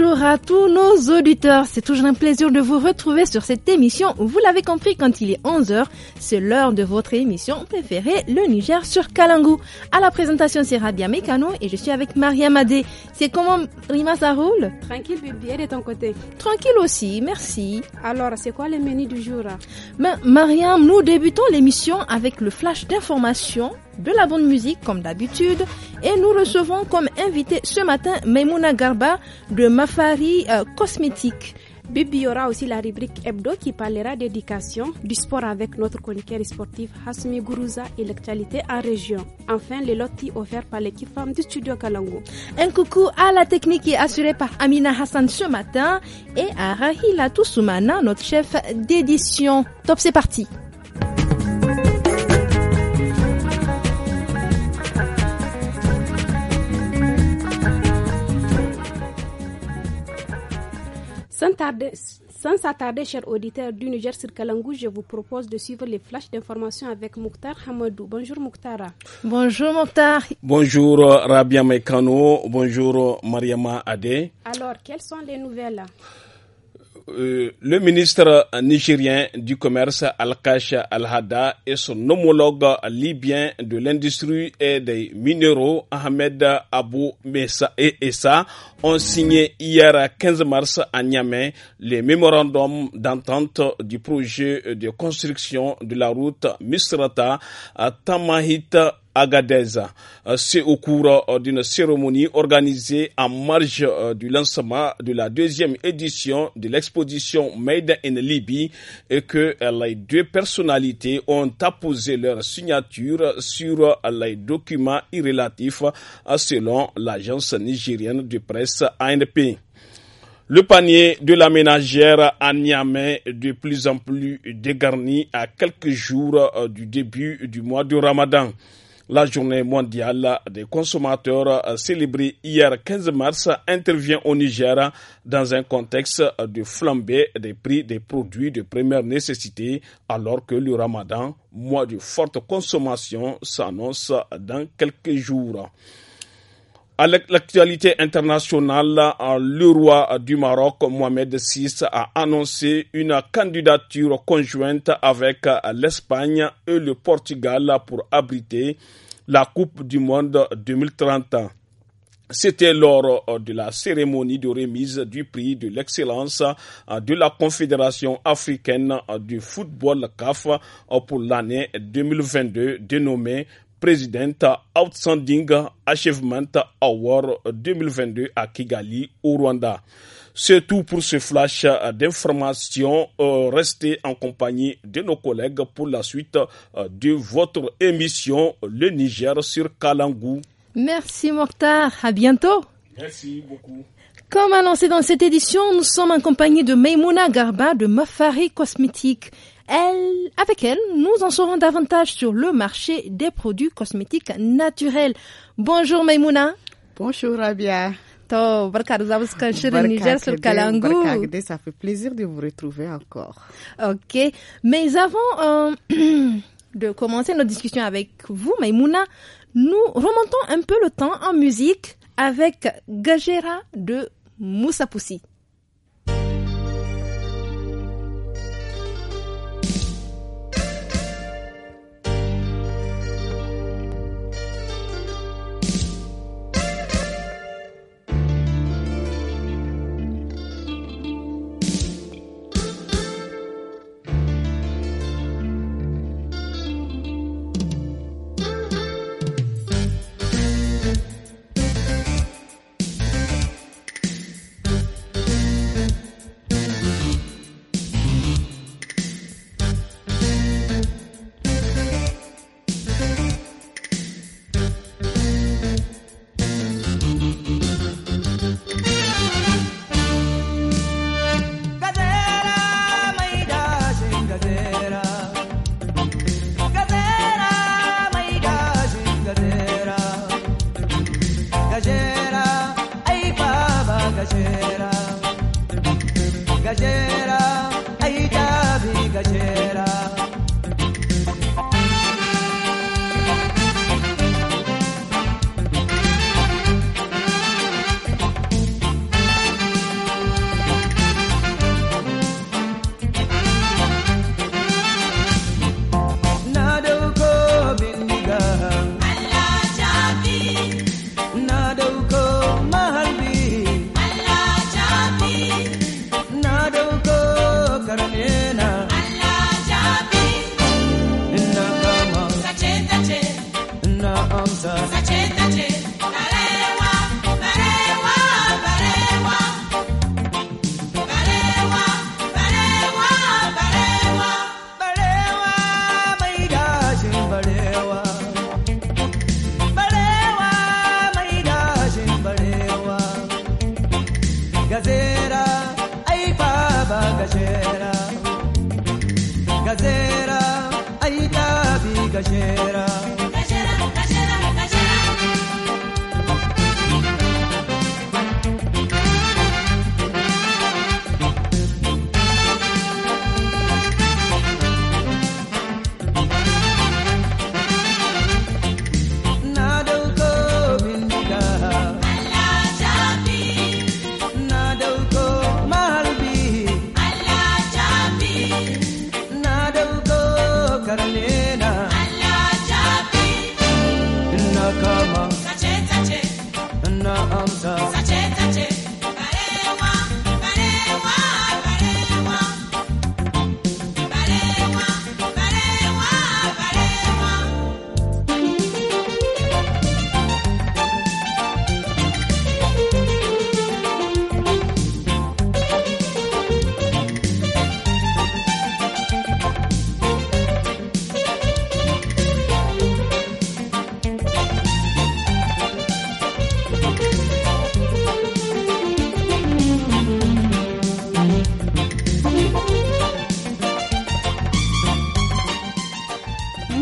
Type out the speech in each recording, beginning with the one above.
¿no? à tous nos auditeurs. C'est toujours un plaisir de vous retrouver sur cette émission. Vous l'avez compris, quand il est 11h, c'est l'heure de votre émission préférée, le Niger sur Kalangu. À la présentation, c'est Rabia Mekano et je suis avec Mariam Ade C'est comment, Rima, ça roule Tranquille, bien de ton côté. Tranquille aussi, merci. Alors, c'est quoi le menu du jour ben, Mariam, nous débutons l'émission avec le flash d'information de la bonne musique comme d'habitude et nous recevons comme invité ce matin Maimouna Garba de Mafa euh, cosmétique. Bibi aura aussi la rubrique hebdo qui parlera d'éducation, du sport avec notre chroniqueur sportif Hasmi Guruza et l'actualité en région. Enfin, les lotis offerts par l'équipe femme du studio Kalango. Un coucou à la technique qui est assurée par Amina Hassan ce matin et à Rahila Toussoumana, notre chef d'édition. Top, c'est parti! Sans, tarder, sans s'attarder, chers auditeurs du Niger sur je vous propose de suivre les flashs d'information avec Mouktar Hamadou. Bonjour Mouktara. Bonjour Mouktar. Bonjour Rabia Mekano. Bonjour Mariama Adé. Alors, quelles sont les nouvelles euh, le ministre nigérien du commerce Al-Kash Al-Hada et son homologue libyen de l'industrie et des minéraux Ahmed Abou Mesa et Essa ont signé hier 15 mars à Niamey les mémorandums d'entente du projet de construction de la route Misrata à Tamahit Agadeza euh, C'est au cours euh, d'une cérémonie organisée en marge euh, du lancement de la deuxième édition de l'exposition Made in Libye et que les deux personnalités ont apposé leur signature sur les documents irrélatifs selon l'agence nigérienne de presse ANP. Le panier de la ménagère à Niamey de plus en plus dégarni à quelques jours du début du mois de Ramadan. La journée mondiale des consommateurs euh, célébrée hier 15 mars intervient au Niger dans un contexte de flambée des prix des produits de première nécessité alors que le ramadan, mois de forte consommation, s'annonce dans quelques jours. À l'actualité internationale, le roi du Maroc, Mohamed VI, a annoncé une candidature conjointe avec l'Espagne et le Portugal pour abriter la Coupe du Monde 2030. C'était lors de la cérémonie de remise du prix de l'excellence de la Confédération africaine du football CAF pour l'année 2022 dénommée présidente Outstanding Achievement Award 2022 à Kigali, au Rwanda. C'est tout pour ce flash d'informations. Euh, restez en compagnie de nos collègues pour la suite euh, de votre émission Le Niger sur Kalangou. Merci Mortar, à bientôt. Merci beaucoup. Comme annoncé dans cette édition, nous sommes en compagnie de Maimouna Garba de Mafari Cosmétiques. Elle, avec elle, nous en saurons davantage sur le marché des produits cosmétiques naturels. Bonjour Maimouna. Bonjour Rabia. Kalangu. ça fait plaisir de vous retrouver encore. OK, mais avant euh, de commencer notre discussion avec vous Maimouna, nous remontons un peu le temps en musique avec Gajera de Moussa Poussi.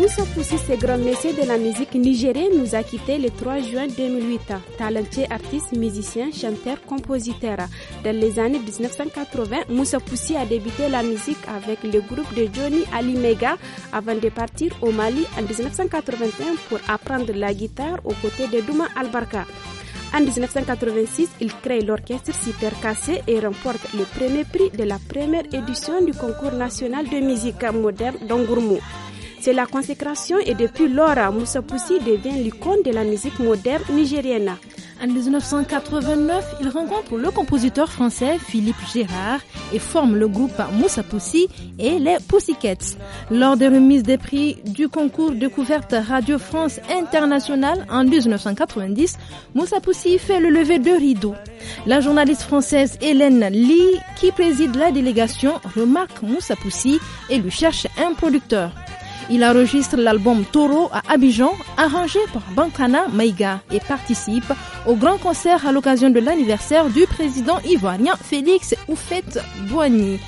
Moussa Poussi, ce grand messier de la musique nigérienne, nous a quittés le 3 juin 2008. Talentueux artiste, musicien, chanteur, compositeur. Dans les années 1980, Moussa Poussi a débuté la musique avec le groupe de Johnny Ali Mega avant de partir au Mali en 1981 pour apprendre la guitare aux côtés de Douma Albarka. En 1986, il crée l'orchestre Super Cassé et remporte le premier prix de la première édition du concours national de musique moderne d'Angourmou. C'est la consécration et depuis lors, Moussa Poussi devient l'icône de la musique moderne nigérienne. En 1989, il rencontre le compositeur français Philippe Gérard et forme le groupe Moussa Poussi et les Pussycats. Lors des remises des prix du concours Découverte Radio France Internationale en 1990, Moussa Poussi fait le lever de rideau. La journaliste française Hélène Lee, qui préside la délégation, remarque Moussa Poussi et lui cherche un producteur. Il enregistre l'album Toro à Abidjan, arrangé par Bankana Maiga, et participe au grand concert à l'occasion de l'anniversaire du président ivoirien Félix Oufette Boigny.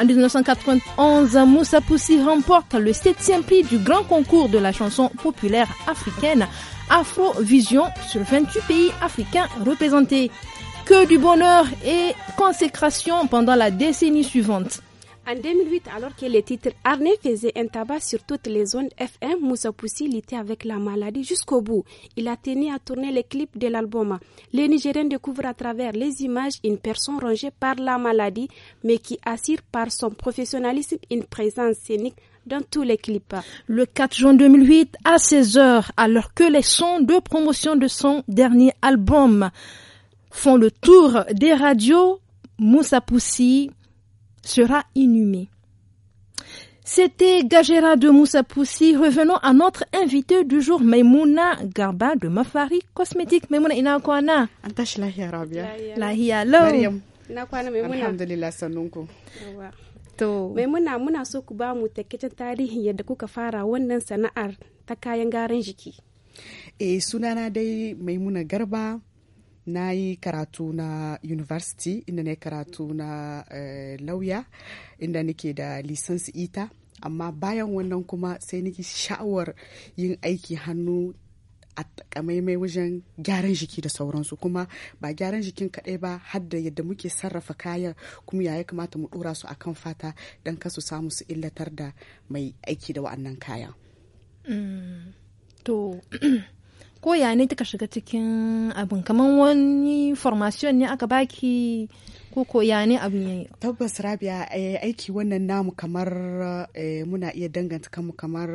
En 1991, Moussa Poussi remporte le septième prix du grand concours de la chanson populaire africaine Afrovision sur 28 pays africains représentés. Que du bonheur et consécration pendant la décennie suivante. En 2008, alors que les titres Arnais faisait un tabac sur toutes les zones FM, Moussa Poussi luttait avec la maladie jusqu'au bout. Il a tenu à tourner les clips de l'album. Les Nigériens découvrent à travers les images une personne rongée par la maladie, mais qui assure par son professionnalisme une présence scénique dans tous les clips. Le 4 juin 2008, à 16h, alors que les sons de promotion de son dernier album font le tour des radios, Moussa Poussi sera inhumé. C'était Gajera de Moussapoussi. Revenons à notre invité du jour, Maimouna Garba de Mafari Cosmétique. Maimouna ina kwana? Antash lahiya Rabia. Lahiya law. Maryam. kwana Maimouna. Alhamdulillah sannunku. To. Maimouna muna so ku ba mu takaitaccen tarihi yadda kuka fara wannan sana'ar ta kayan jiki. Eh sunana dai Maimouna Garba. na yi karatu na university inda na yi karatu na eh, lauya inda nake da lisansi ita amma bayan wannan kuma sai nake sha'awar yin aiki hannu a takamaimai wajen gyaran jiki da sauransu kuma ba gyaran jikin kaɗai ba har yadda muke sarrafa kayan kuma ya kamata mu ɗora su akan fata don kasu samu su illatar da mai aiki da wa'annan kayan. Mm. To ko ya ne kika shiga cikin abin kamar wani formation ne aka baki ko ko ya ne abin yayi tabbas rabia eh, aiki wannan namu kamar eh, muna iya danganta kanmu kamar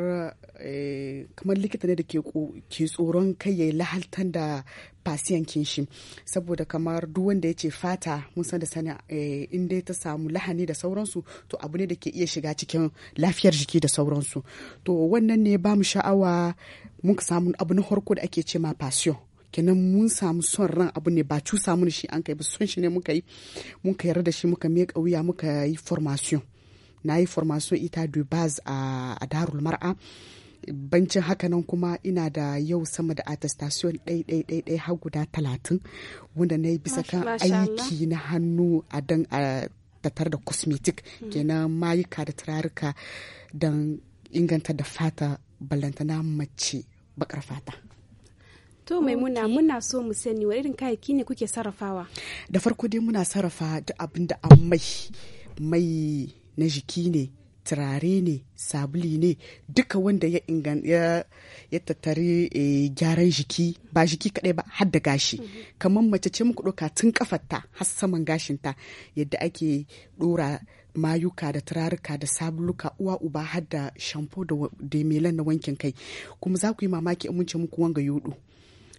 eh, kamar likita ne da ke tsoron kai ya lahaltan da fasiyan kinshi saboda kamar duk wanda ya ce fata mun san da sani in dai ta samu lahani da sauransu to abu ne da ke iya shiga cikin lafiyar jiki da sauransu to wannan ne ba mu sha'awa mun samu abu na farko da ake ce ma passion kenan mun samu son ran abu ne ba cusa mun shi an kai ba son shi ne muka yi muka yarda shi muka miƙa wuya muka yi formation na yi formation ita dubaz a darul mar'a bancin hakanan kuma ina da yau sama da attestation ɗai har guda talatin wanda na yi bisa kan aiki na hannu a dan a tattar da cosmetic hmm. kenan mayuka da turaruka don inganta da fata ballantana mace bakar fata to mai muna muna so mu sani wani irin kayayyaki ne kuke sarrafawa da farko dai muna sarrafa duk abin da an mai mai na jiki ne turare ne sabuli ne duka wanda ya ya, ya tattare eh, gyaran jiki ba jiki kadai ba har da gashi kamar mace ce muku ɗauka tun kafarta har saman gashinta yadda ake ɗora mayuka da turaruka da sabuluka uwa uba har da shampo da demelan na wankin kai kuma za ku yi mamaki in mun ce muku wanga yudu.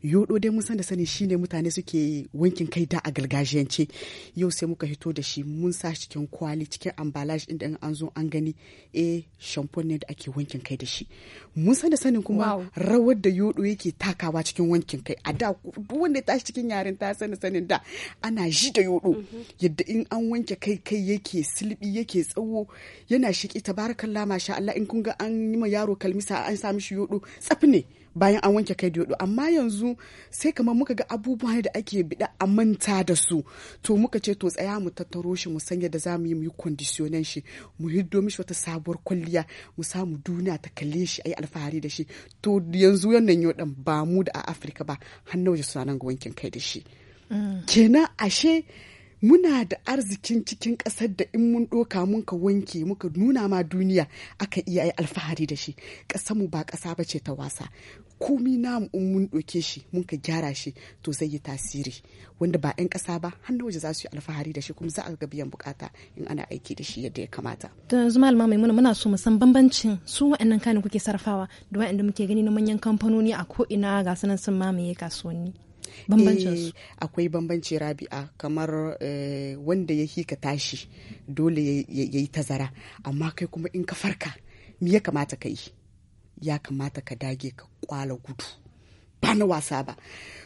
yodo dai mun san da sani shine mutane suke wankin kai da a gargajiyance yau sai muka hito da shi mun sa cikin kwali cikin ambalage inda an zo an gani eh shampoo ne da ake wankin kai da shi mun san da sanin kuma rawar da yodo yake takawa cikin wankin kai a da duk wanda ya tashi cikin yaren ta sani sanin da ana ji da yodo mm-hmm. yadda in an wanke kai kai yake silbi yake tsawo yana shiki tabarakallah masha Allah in kun ga an yi ma yaro kalmisa an sa mishi yodo tsafi ne bayan an wanke kai dodo amma yanzu sai kamar muka ga abubuwa da ake bida a manta da su to muka ce to tsaya mu tattaro shi mu san yadda zamu yi mu yi shi mu hiddo mishi wata sabuwar kwalliya mu samu duniya ta kalle shi ayi alfahari da shi to yanzu wannan yau dan ba mu da a Afirka ba har na waje suna nan ga wankin kai da shi mm. kenan ashe muna da arzikin cikin ƙasar da in mun ɗoka mun ka wanke muka nuna ma duniya aka iya yi alfahari da shi mu ba ƙasa ba ce ta wasa komi namu in mun ɗauke shi mun ka gyara shi to zai yi tasiri wanda ba 'yan ƙasa ba hannu waje za su yi alfahari da shi kuma za a ga biyan bukata in ana aiki da shi yadda ya kamata. To yanzu malama maimuna muna so mu san bambancin su waɗannan kayan kuke sarrafawa da waɗanda muke gani na manyan kamfanoni a ko'ina ina ga sanan sun mamaye kasuwanni. su eh, akwai bambanci rabi'a kamar eh, wanda ya hika tashi dole ya yi tazara amma kai kuma in ka farka me ya kamata ka yi ya kamata ka dage ka kwala gudu ba na wasa ba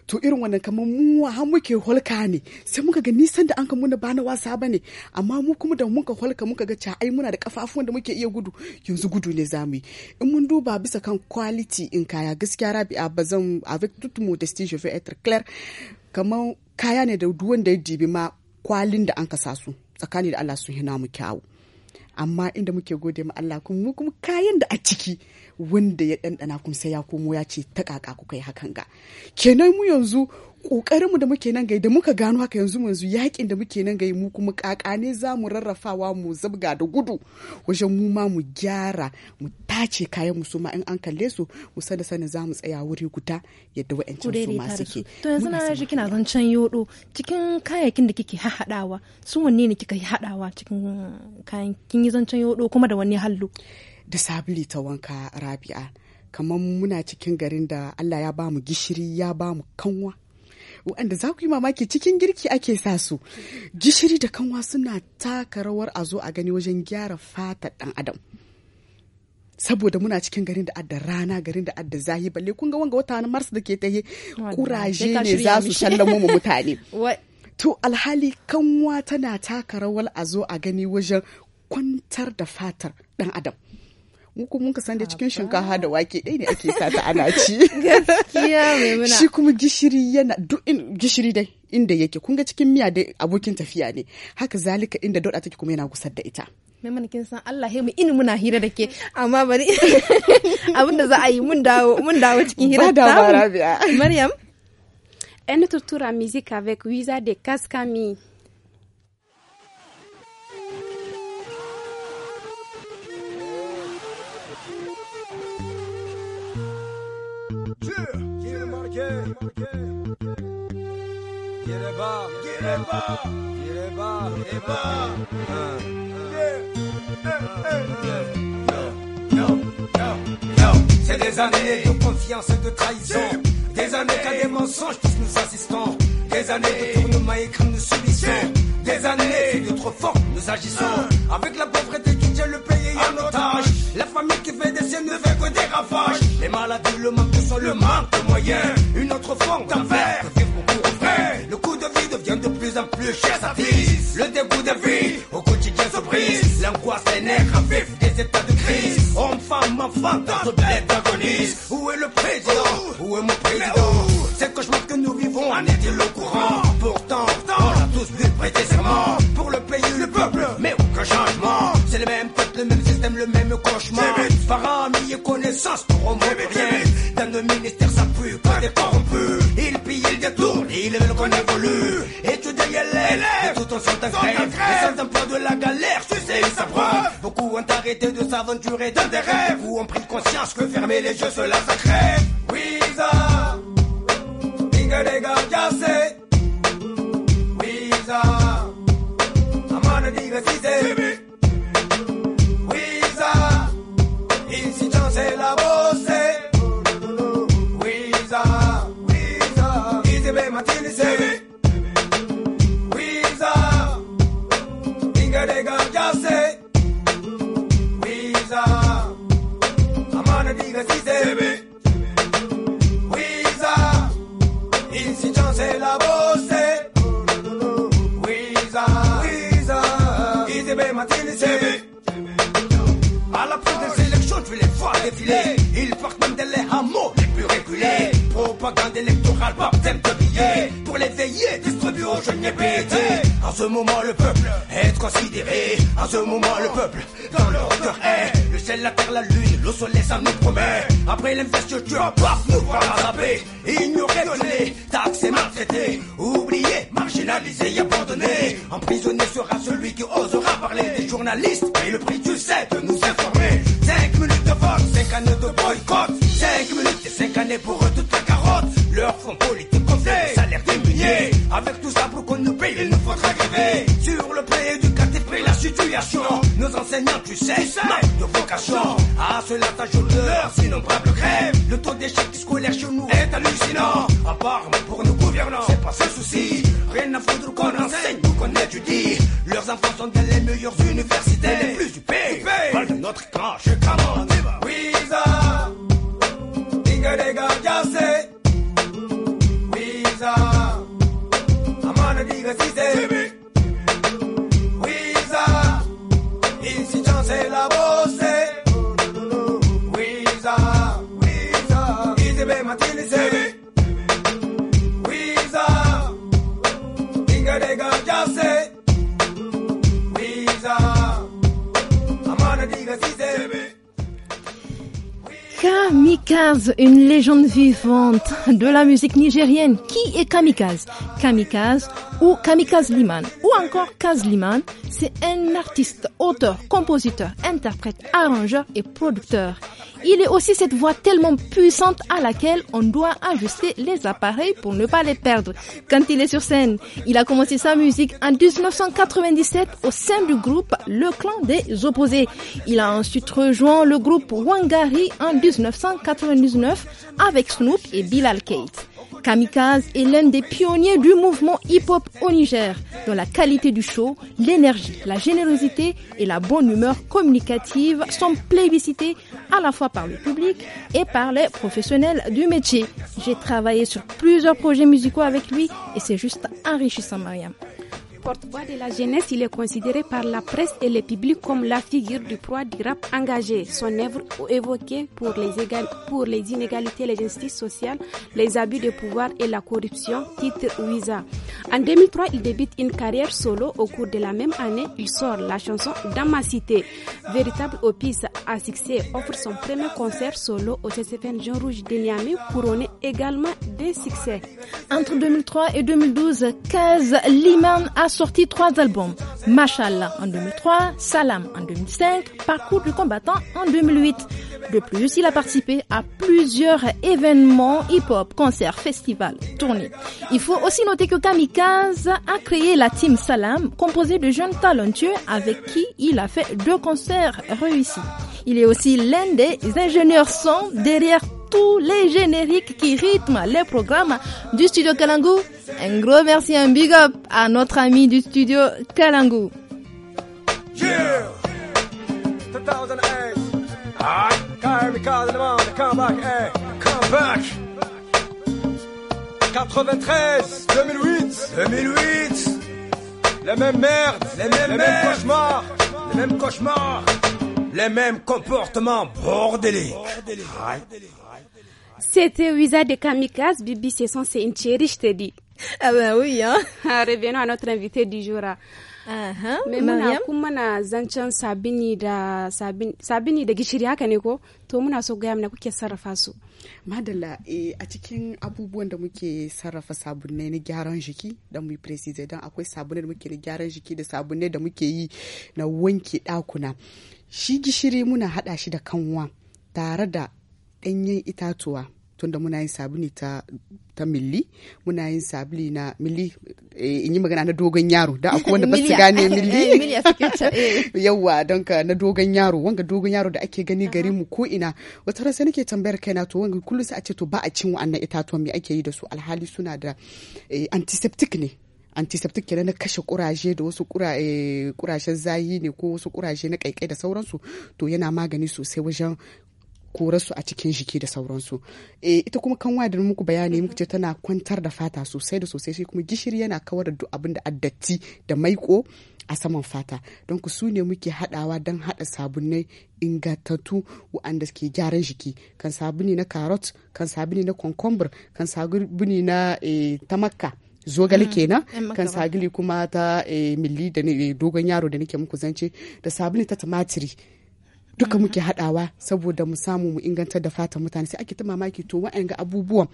to irin wannan kamar mu har muke holka ne sai muka ga nisan da an ka muna ba na wasa ba ne amma mu kuma da muka holka muka ga ca ai muna da kafafuwan da muke iya gudu yanzu gudu ne zamu yi in mun duba bisa kan quality in kaya gaskiya rabi'a ba zan avec toute modestie je veux être clair kamar kaya ne da wanda ya dibi ma kwalin da an ka sa su tsakani da Allah su hina mu kyawu amma inda muke gode ma Allah kuma mu kuma kayan da a ciki wanda ya ɗanɗana kuma sai ya komo ya ce ta kaka kuka yi hakan ga kenan mu yanzu ƙoƙarinmu da muke nan gai da muka gano haka yanzu yanzu yakin da muke nan gai mu kuma kaka ne za mu rarrafawa mu zabga da gudu wajen mu ma mu gyara mu tace kayan mu su ma in an kalle su mu sanda sani za mu tsaya wuri guda yadda wa'ancan su ma suke. To yanzu na ji kina can yodo cikin kayayyakin da kike haɗawa su wanne ne kika haɗawa cikin kayan kin yi can yodo kuma da wani hallu. da sabili ta wanka rabi'a kamar muna cikin garin da allah ya bamu gishiri ya bamu kanwa waɗanda za ku yi mamaki cikin girki ake sa su gishiri da kanwa suna taka rawar a zo a gani wajen gyara fatar ɗan adam saboda muna cikin garin da adda rana garin da adda zahi balle kun ga wanga wata na mars da ke ta yi kuraje ne za su shallamo mu mutane to alhali kanwa tana taka rawar a zo a gani wajen kwantar da fatar ɗan adam mu kuma mun san da cikin shinkafa da wake ɗaya ne ake sa ta ana ci gaskiya maimuna shi kuma gishiri yana duk gishiri dai inda yake kun ga cikin miya dai abokin tafiya ne haka zalika inda doda take kuma yana gusar da ita mai kin san Allah mu ini muna hira da ke amma bari abinda za a yi mun dawo mun dawo cikin hira ta Maryam elle nous torture musique avec Wiza de Kaskami. C'est des années de confiance et de trahison. Des années qu'à des mensonges tous nous assistons. Des années de tournements et crimes nous subissons. Des années de trop fort nous agissons. Avec la pauvreté qui tient le pays en otage. La famille qui fait des siennes ne fait que des ravages. Les malades le manque de le manque de moyens. Une autre forme d'affaires plus plus cher sa Le début de vie au quotidien se brise. L'angoisse des nègres vif des états de crise. Homme, femme, enfant, dans agonise. Où est le président Où est mon président C'est cauchemar que nous vivons en est le courant Pourtant, on a tous dû prêter serment pour le pays, le peuple, mais aucun changement. C'est le même peuple, le même système, le même cauchemar. Parents, ami et connaissance pour au bien Dans nos ministères, ça pue, pas des corrompus. Ils pillent, ils détournent, ils veulent qu'on évolue. arrêter de s'aventurer dans des rêves où on prit conscience que fermer les yeux cela sacrée crève. Wiza, dinga dinga jassé. Wiza, amana diga Wiza, ici chance la bosse. Wiza, Wiza, ici be Kamikaze, une légende vivante de la musique nigérienne. Qui est Kamikaze Kamikaze ou Kamikaze Liman ou encore Kaz Liman, c'est un artiste, auteur, compositeur, interprète, arrangeur et producteur il est aussi cette voix tellement puissante à laquelle on doit ajuster les appareils pour ne pas les perdre. Quand il est sur scène, il a commencé sa musique en 1997 au sein du groupe Le Clan des Opposés. Il a ensuite rejoint le groupe Wangari en 1999 avec Snoop et Bilal Kate. Kamikaze est l'un des pionniers du mouvement hip-hop au Niger, dont la qualité du show, l'énergie, la générosité et la bonne humeur communicative sont plébiscités à la fois par le public et par les professionnels du métier. J'ai travaillé sur plusieurs projets musicaux avec lui et c'est juste enrichissant, Mariam. Porte-voix de la jeunesse, il est considéré par la presse et le public comme la figure du proie du rap engagé. Son œuvre évoquée pour les, pour les inégalités, les injustices sociales, les abus de pouvoir et la corruption, titre Wiza. En 2003, il débute une carrière solo. Au cours de la même année, il sort la chanson Dans ma cité. Véritable opus à succès, offre son premier concert solo au CCFN Jean Rouge de Niamey, couronné également des succès. Entre 2003 et 2012, 15 l'imam a sorti trois albums, Mashallah en 2003, Salam en 2005, Parcours du combattant en 2008. De plus, il a participé à plusieurs événements hip-hop, concerts, festivals, tournées. Il faut aussi noter que Kamikaze a créé la team Salam, composée de jeunes talentueux avec qui il a fait deux concerts réussis. Il est aussi l'un des ingénieurs son derrière tous les génériques qui rythment les programmes du studio Kalangu. Un gros merci, un big up à notre ami du studio Kalangu. 93, 2008, 2008. Les mêmes merdes, les mêmes, les mêmes cauchemars, les mêmes cauchemars, les mêmes comportements bordéliques. C'était Wizard de Kamikaze, Bibi Sesson, c'est une chérie, je te dis. Ah ben oui, hein. Revenons à notre invité du jour. Mai muna kuma na zancen sabini da sabini da gishiri haka ne ko to muna so gaya mana kuke sarrafa su. Madalla eh, a cikin abubuwan da muke sarrafa sabunai na gyaran jiki da mu precise don akwai sabunai da muke na gyaran jiki da sabunai da muke yi na wanke dakuna. Shi gishiri muna hada shi da kanwa tare da ɗanyen itatuwa tunda muna yin sabuni ta ta milli muna yin sabuni na milli eh, in yi magana na dogon yaro da akwai wanda ba su gane milli eh, yawa don ka na dogon yaro wanga dogon yaro da ake gani gari mu ko ina wata ran sai nake tambayar kaina to wanga kullum sai a ce to ba a cin wa'annan itatuwa me ake yi da su alhali suna da eh, antiseptic ne antiseptic kenan na kashe kuraje da wasu kurashen zayi ne ko wasu kuraje na kaikai da sauransu to yana magani sosai wajen korarsu a cikin jiki da sauransu e, ita kuma kanwa da muku bayani muku ce tana kwantar da fata sosai da sosai sai kuma gishiri yana kawar da duk abin da addatti da maiko a saman fata don ku su ne muke hadawa don hada sabunai ingantattu wa'anda ke gyaran jiki kan sabuni na carrot kan sabuni na concombr kan sabuni na e, zogale mm, kenan kan sagili kuma ta eh, milli da dogon yaro da nake muku zance da sabuni ta tumatiri duka muke haɗawa saboda mu samu mu inganta da fatan mutane sai ake ta mamaki to wa'anga abubuwan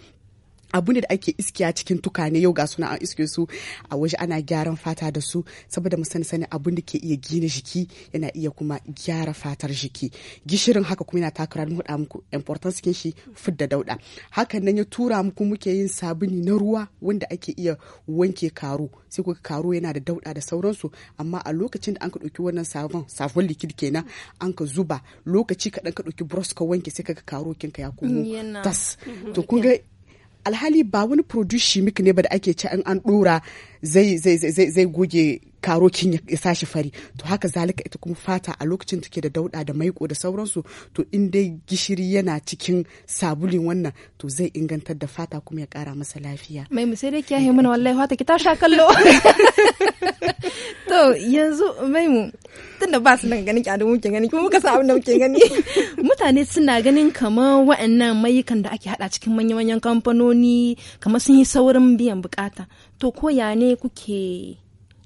abu ne da ake iskiya cikin tukane yau ga suna an iske su a waje ana gyaran fata da su saboda mu sani sani abun da ke iya gina jiki yana iya kuma gyara fatar jiki gishirin haka kuma yana takara mu da muku importance kin shi da dauda hakan nan ya tura muku muke yin sabuni na ruwa wanda ake iya wanke karo sai ku karo yana da dauda da sauransu amma a lokacin da an ka dauki wannan sabon sabon likid kenan an ka zuba lokaci kaɗan ka dauki brush ka wanke sai ka karo kinka ya komo tas to kun ga alhali ba wani produce shimik ne ba da ake ci an dora zai zai zai goge karokin ya sashi fari to haka zalika ita kuma fata a lokacin take da dauda da maiko da sauransu to in dai gishiri yana cikin sabulin wannan to zai ingantar da fata kuma ya kara masa lafiya mai musai dai kiyaye mana wallahi fata ki ta sha kallo to yanzu mai mu tunda ba su nan ganin ki adamu ke gani kuma muka sa abin da muke gani mutane suna ganin kamar wa'annan mayukan da ake hada cikin manya-manyan kamfanoni kamar sun yi saurin biyan bukata to ko ya ne kuke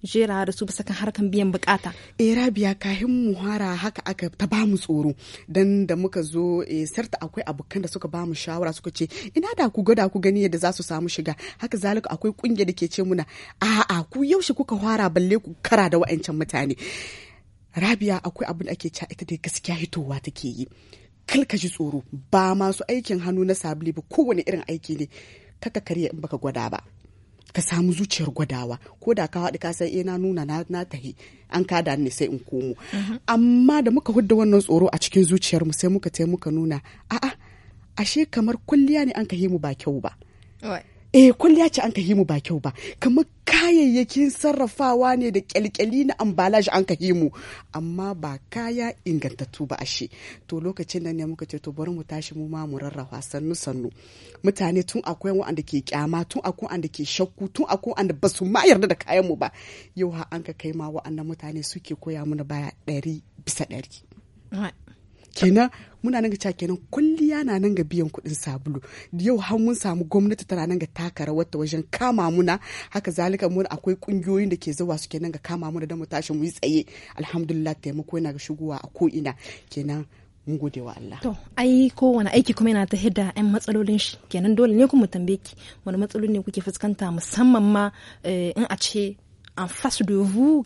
jera da su bisa kan harkan biyan bukata. Era eh, biya kahin muhara haka aka ta ba mu tsoro dan da muka zo e, sarta akwai abokan da suka ba mu shawara suka ce ina da ku gwada ku gani yadda za su samu shiga haka zalika akwai kungiya da ke ce muna a'a ku yaushe kuka fara balle ku kara da wa'ancan mutane. Rabia akwai abin da ake cewa ita dai gaskiya hitowa take yi. Kalka ji tsoro ba masu aikin hannu na sabili ba kowane irin aiki ne kaka karya in baka gwada ba. ka samu zuciyar gwadawa ko da ka haɗu ka san e na nuna na na tahi an kada ni sai in komo mhm. amma da muka hudda wannan tsoro a cikin zuciyar mu sai muka ce muka nuna a'a ashe kamar kulliya ne an kahe mu ba kyau ba eh kwalliya ce an ka yi mu ba kyau ba kamar kayayyakin sarrafawa ne da kyalkyali na ambalaji an ka yi mu amma ba kaya ingantattu ba ashe to lokacin nan ne muka ce to bari mu tashi mu ma mu rarrafa sannu sannu mutane tun akwai wanda ke kyama tun akwai wanda ke shakku tun akwai wanda ba su ma yarda da kayan mu ba yau ha an ka kai ma wa'annan mutane suke koya mana baya ɗari bisa ɗari kenan muna nan ga cewa kenan kulliya na nan ga biyan kuɗin sabulu yau har mun samu gwamnati tana nan ga taka rawar ta wajen kama muna haka zalika mun akwai kungiyoyin da ke zuwa su kenan ga kama muna da mu tashi mu yi tsaye alhamdulillah taimako yana ga shigowa a ko ina kenan mun gode wa Allah. To, ai kowane aiki kuma yana ta da ɗan matsalolin shi kenan dole ne kuma tambaye ki wani matsaloli ne kuke fuskanta musamman ma eh, in a ce an fasu de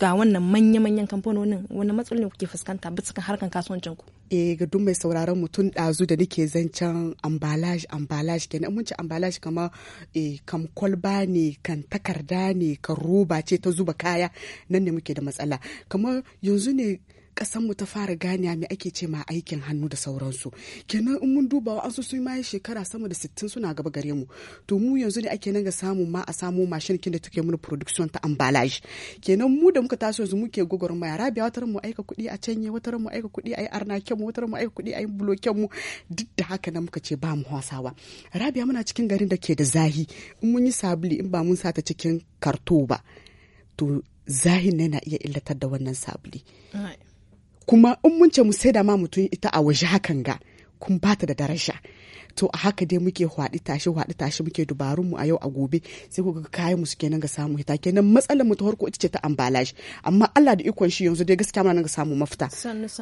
ga wannan manya-manyan kamfanonin wani matsaloli ne kuke fuskanta bisa kan harkan kasuwancinku e ga duk mai sauraron mutum ɗazu da nake zancen ambalage ambalage kenan mun ci ambalage kama e kam kwalba ne kan takarda ne kan roba ce ta zuba kaya nan ne muke da matsala kamar yanzu ne Kasanmu ta fara gane me ake ce ma aikin hannu da sauransu kenan in mun dubawa an su sun ma shekara sama da sittin suna gaba gare mu to mu yanzu ne ake nan ga samun ma a samo mashin kin da take mana production ta ambalage kenan mu da muka taso yanzu muke gogoron mai arabiya wataran mu aika kuɗi a canye wataran mu aika kuɗi a yi kyan mu wataran mu aika kuɗi a yi buloken mu duk da haka nan muka ce ba mu hasawa rabiya muna cikin garin da ke da zahi in mun yi sabuli in ba mun sa ta cikin karto ba to zahin na iya illatar da wannan sabuli kuma in mun ce mu sai da ma mutum ita a waje hakan ga kun bata da daraja to a haka dai muke hwaɗi tashi hwaɗi tashi muke dubarun mu a yau a gobe sai ku ga kayan mu kenan ga samu hita kenan matsalar mu ta farko ita ce ta ambalash amma Allah da ikon shi yanzu dai gaskiya muna nan ga samu mafita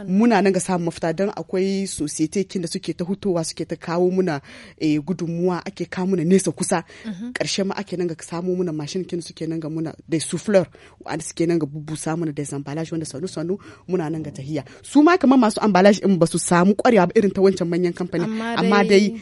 muna nan ga samu mafita dan akwai society kin da suke ta hutowa suke ta kawo muna eh, gudunmuwa ake kawo muna nesa kusa mhm. karshe ma ake nan ga samu muna mashin kin suke nan ga muna da souffleur wanda suke nan ga bubbusa muna da zambalage wanda sanu sanu muna nan ga tahiya su ma kamar masu ambalage in ba su samu kwarewa ba irin ta wancan manyan kamfani amma dai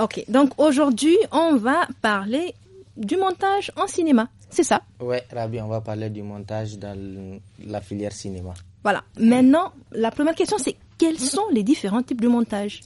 Ok, donc aujourd'hui, on va parler du montage en cinéma, c'est ça Oui, Rabi, on va parler du montage dans la filière cinéma. Voilà, maintenant, la première question, c'est quels sont les différents types de montage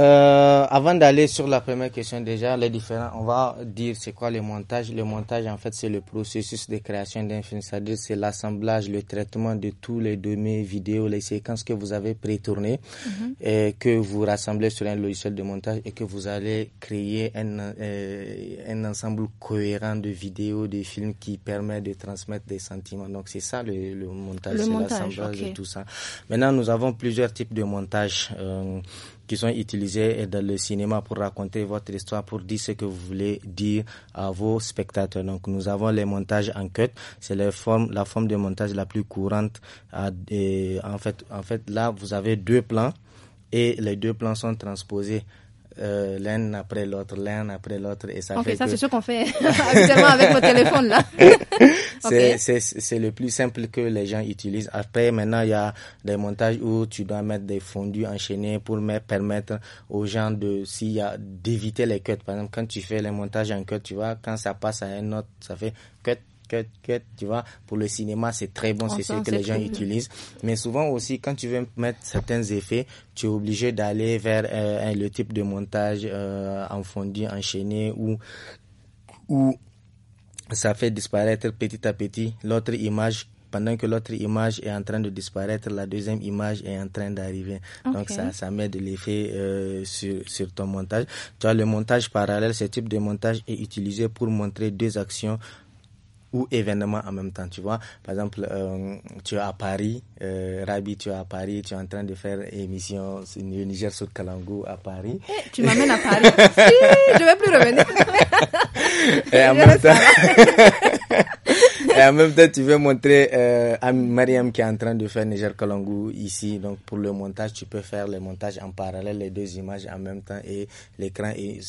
euh, avant d'aller sur la première question, déjà, les différents, on va dire c'est quoi le montage. Le montage, en fait, c'est le processus de création d'un film, c'est-à-dire c'est l'assemblage, le traitement de tous les données vidéo, les séquences que vous avez pré-tournées mhm. et que vous rassemblez sur un logiciel de montage et que vous allez créer un, euh, un ensemble cohérent de vidéos, de films qui permet de transmettre des sentiments. Donc, c'est ça le, le montage, l'assemblage et tout ça. Maintenant, nous avons plusieurs types de montage. Euh, qui sont utilisés dans le cinéma pour raconter votre histoire, pour dire ce que vous voulez dire à vos spectateurs. Donc nous avons les montages en cut, c'est la forme, la forme de montage la plus courante. en fait, en fait, là vous avez deux plans et les deux plans sont transposés euh, l'un après l'autre, l'un après l'autre, et ça fait ça c'est ce qu'on fait avec le téléphone là. C'est le plus simple que les gens utilisent. Après, maintenant, il y a des montages où tu dois mettre des fondus enchaînés pour permettre aux gens de, s'il a, d'éviter les cuts. Par exemple, quand tu fais les montages en cut, tu vois, quand ça passe à un autre, ça fait cut, tu vois. Pour le cinéma, c'est très bon, c'est ce que les gens utilisent. Mais souvent aussi, quand tu veux mettre certains effets, tu es obligé d'aller vers euh, le type de montage euh, en fondu, enchaîné ou ou ça fait disparaître petit à petit l'autre image pendant que l'autre image est en train de disparaître, la deuxième image est en train d'arriver. Donc ça, ça met de l'effet euh, sur, sur, ton montage. Tu vois, le montage parallèle, ce type de montage est utilisé pour montrer deux actions ou événements en même temps, tu vois. Par exemple, euh, tu es à Paris, euh, Rabi, tu es à Paris, tu es en train de faire émission Niger sur Kalangu à Paris. Eh, tu m'amènes à Paris. si, je vais plus revenir. Et en même temps... Et en même temps, tu veux montrer euh, à Mariam qui est en train de faire Niger Kalangu ici. Donc, pour le montage, tu peux faire le montage en parallèle, les deux images en même temps. Et l'écran est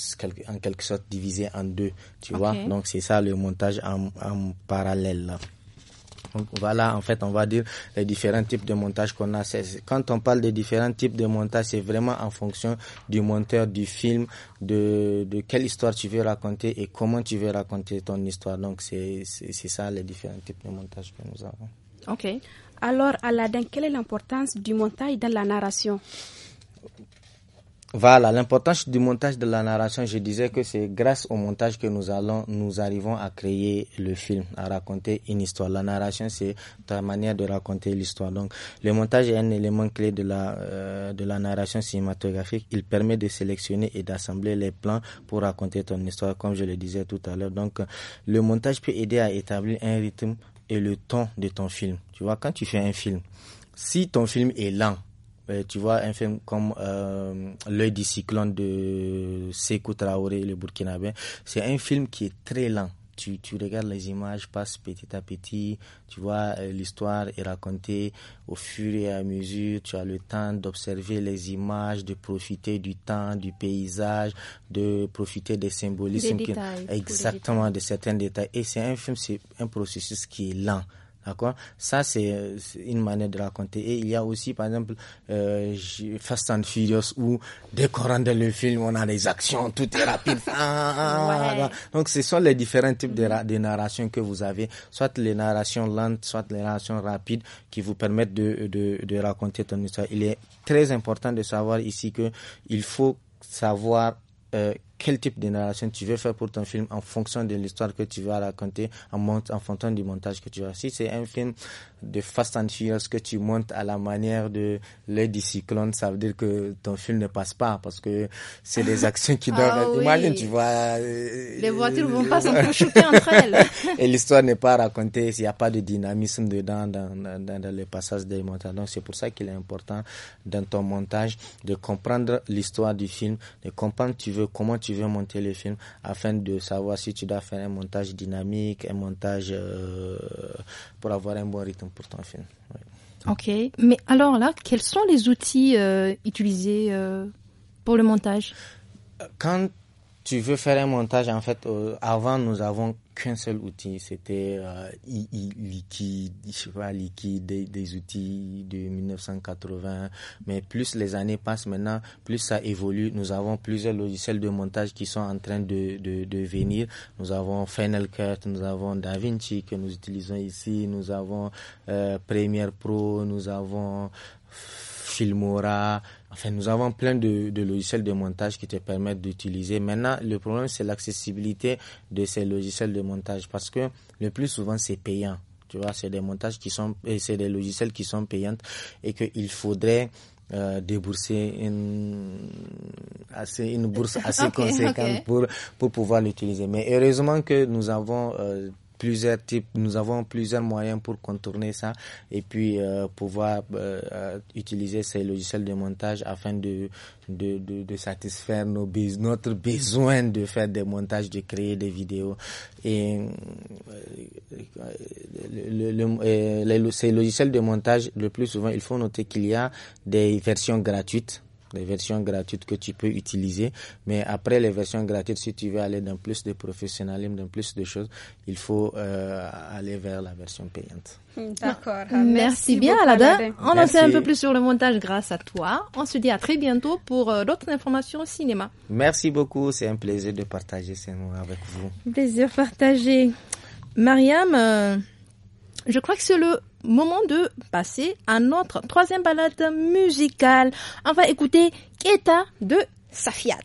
en quelque sorte divisé en deux. Tu vois Donc, c'est ça le montage en, en parallèle. Voilà, en fait, on va dire les différents types de montage qu'on a. Quand on parle des différents types de montage, c'est vraiment en fonction du monteur, du film, de, quelle histoire tu veux raconter et comment tu veux raconter ton histoire. Donc, c'est ça les différents types de montage que nous avons. Ok. Alors, Aladdin, quelle est l'importance du montage dans la narration voilà, l'importance du montage de la narration, je disais que c'est grâce au montage que nous allons, nous arrivons à créer le film, à raconter une histoire. La narration, c'est ta manière de raconter l'histoire. Donc, le montage est un élément clé de la, euh, de la narration cinématographique. Il permet de sélectionner et d'assembler les plans pour raconter ton histoire, comme je le disais tout à l'heure. Donc, le montage peut aider à établir un rythme et le ton de ton film. Tu vois, quand tu fais un film, si ton film est lent, euh, tu vois un film comme euh, L'œil du cyclone de Sekou Traoré, le Burkinabé, c'est un film qui est très lent. Tu, tu regardes les images, passent petit à petit, tu vois, euh, l'histoire est racontée au fur et à mesure, tu as le temps d'observer les images, de profiter du temps, du paysage, de profiter des symbolismes. Des détails, exactement, de certains détails. Et c'est un film, c'est un processus qui est lent. D'accord Ça, c'est une manière de raconter. Et il y a aussi, par exemple, euh, Fast and Furious où, dès qu'on rentre le film, on a les actions, tout est rapide. Ah, ah, ah, Donc, ce sont les différents types de, mm-hmm. de narrations que vous avez. Soit les narrations lentes, soit les narrations rapides qui vous permettent de, de, de raconter ton histoire. Il est très important de savoir ici que il faut savoir euh, quel type de narration tu veux faire pour ton film en fonction de l'histoire que tu vas raconter, en, monte, en fonction du montage que tu as. Si c'est un film de Fast and Furious que tu montes à la manière de Lady Cyclone, ça veut dire que ton film ne passe pas parce que c'est des actions qui doivent. Ah, tu vois. Euh, les voitures vont pas euh, s'entrechoquer entre elles. Et l'histoire n'est pas racontée, il n'y a pas de dynamisme dedans dans, dans, dans le passage des montages. Donc c'est pour ça qu'il est important dans ton montage de comprendre l'histoire du film, de comprendre tu veux comment tu tu veux monter le film afin de savoir si tu dois faire un montage dynamique, un montage euh, pour avoir un bon rythme pour ton film. Ok, mais alors là, quels sont les outils euh, utilisés euh, pour le montage Quand tu veux faire un montage, en fait, euh, avant, nous avons qu'un seul outil. C'était euh, liquide, je sais pas, liquide, des, outils de 1980. Mais plus les années passent maintenant, plus ça évolue. Nous avons plusieurs logiciels de montage qui sont en train de, de, de venir. Nous avons Final Cut, nous avons DaVinci que nous utilisons ici. Nous avons euh, Premiere Pro, nous avons Filmora. Enfin, nous avons plein de, logiciels de montage qui te permettent d'utiliser. Maintenant, le problème, c'est l'accessibilité de ces logiciels de montage parce que le plus souvent, c'est payant. Tu vois, c'est des montages qui sont, euh, c'est des logiciels qui sont payants et qu'il faudrait euh, débourser une, assez, une bourse assez conséquente Pour, pour pouvoir l'utiliser. Mais heureusement que nous avons euh, plusieurs types, nous avons plusieurs moyens pour contourner ça et puis euh, pouvoir euh, euh, utiliser ces logiciels de montage afin de de, de, satisfaire nos notre besoin de faire des montages, de créer des vidéos et les, ces logiciels de montage le plus souvent il faut noter qu'il y a des versions gratuites les versions gratuites que tu peux utiliser. Mais après les versions gratuites, si tu veux aller dans plus de professionnalisme, dans plus de choses, il faut euh, aller vers la version payante. Hmm, d'accord. Merci, bien, Aladin. On en sait un peu plus sur le montage grâce à toi. On se dit à très bientôt pour euh, d'autres informations au cinéma. Merci beaucoup. C'est un plaisir de partager ces mots avec vous. Plaisir partagé. Mariam. Euh, je crois que c'est le moment de passer à notre troisième balade musicale. On va écouter Keta de Safiat.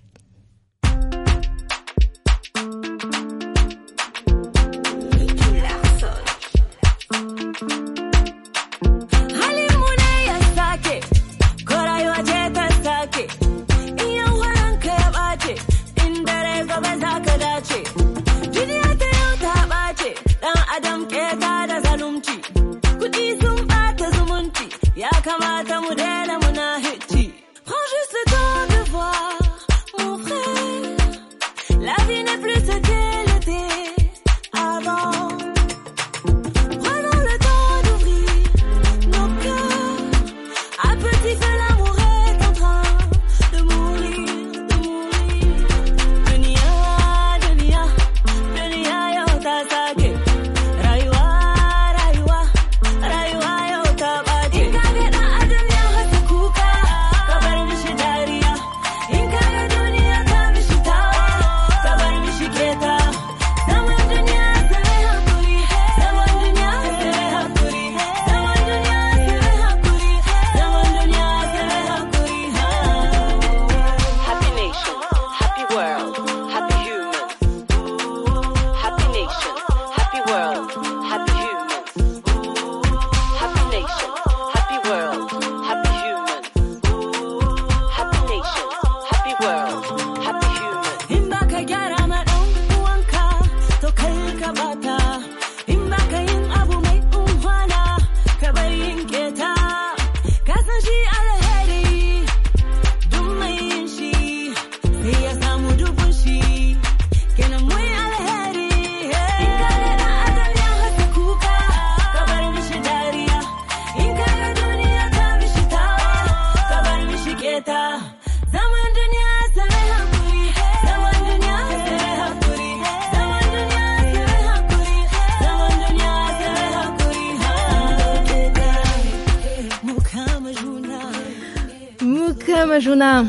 Majuna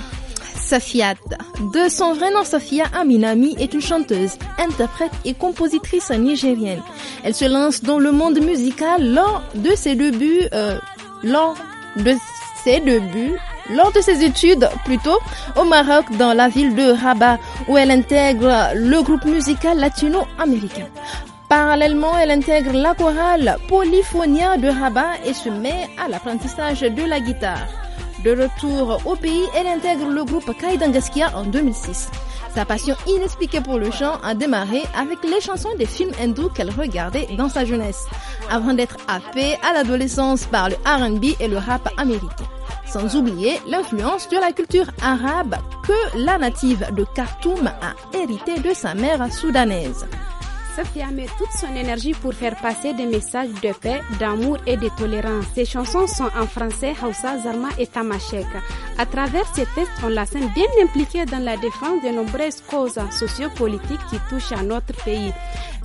Safiat. De son vrai nom, Safia Aminami est une chanteuse, interprète et compositrice nigérienne. Elle se lance dans le monde musical lors de ses débuts, euh, lors de ses débuts lors de ses études, plutôt, au Maroc, dans la ville de Rabat, où elle intègre le groupe musical latino-américain. Parallèlement, elle intègre la chorale Polyphonia de Rabat et se met à l'apprentissage de la guitare. De retour au pays, elle intègre le groupe Kaidangaskia en 2006. Sa passion inexpliquée pour le chant a démarré avec les chansons des films hindous qu'elle regardait dans sa jeunesse, avant d'être happée à l'adolescence par le R&B et le rap américain. Sans oublier l'influence de la culture arabe que la native de Khartoum a héritée de sa mère soudanaise a met toute son énergie pour faire passer des messages de paix, d'amour et de tolérance. Ses chansons sont en français, Hausa, Zarma et Tamashek. À travers ces textes, on la sent bien impliquée dans la défense de nombreuses causes sociopolitiques qui touchent à notre pays.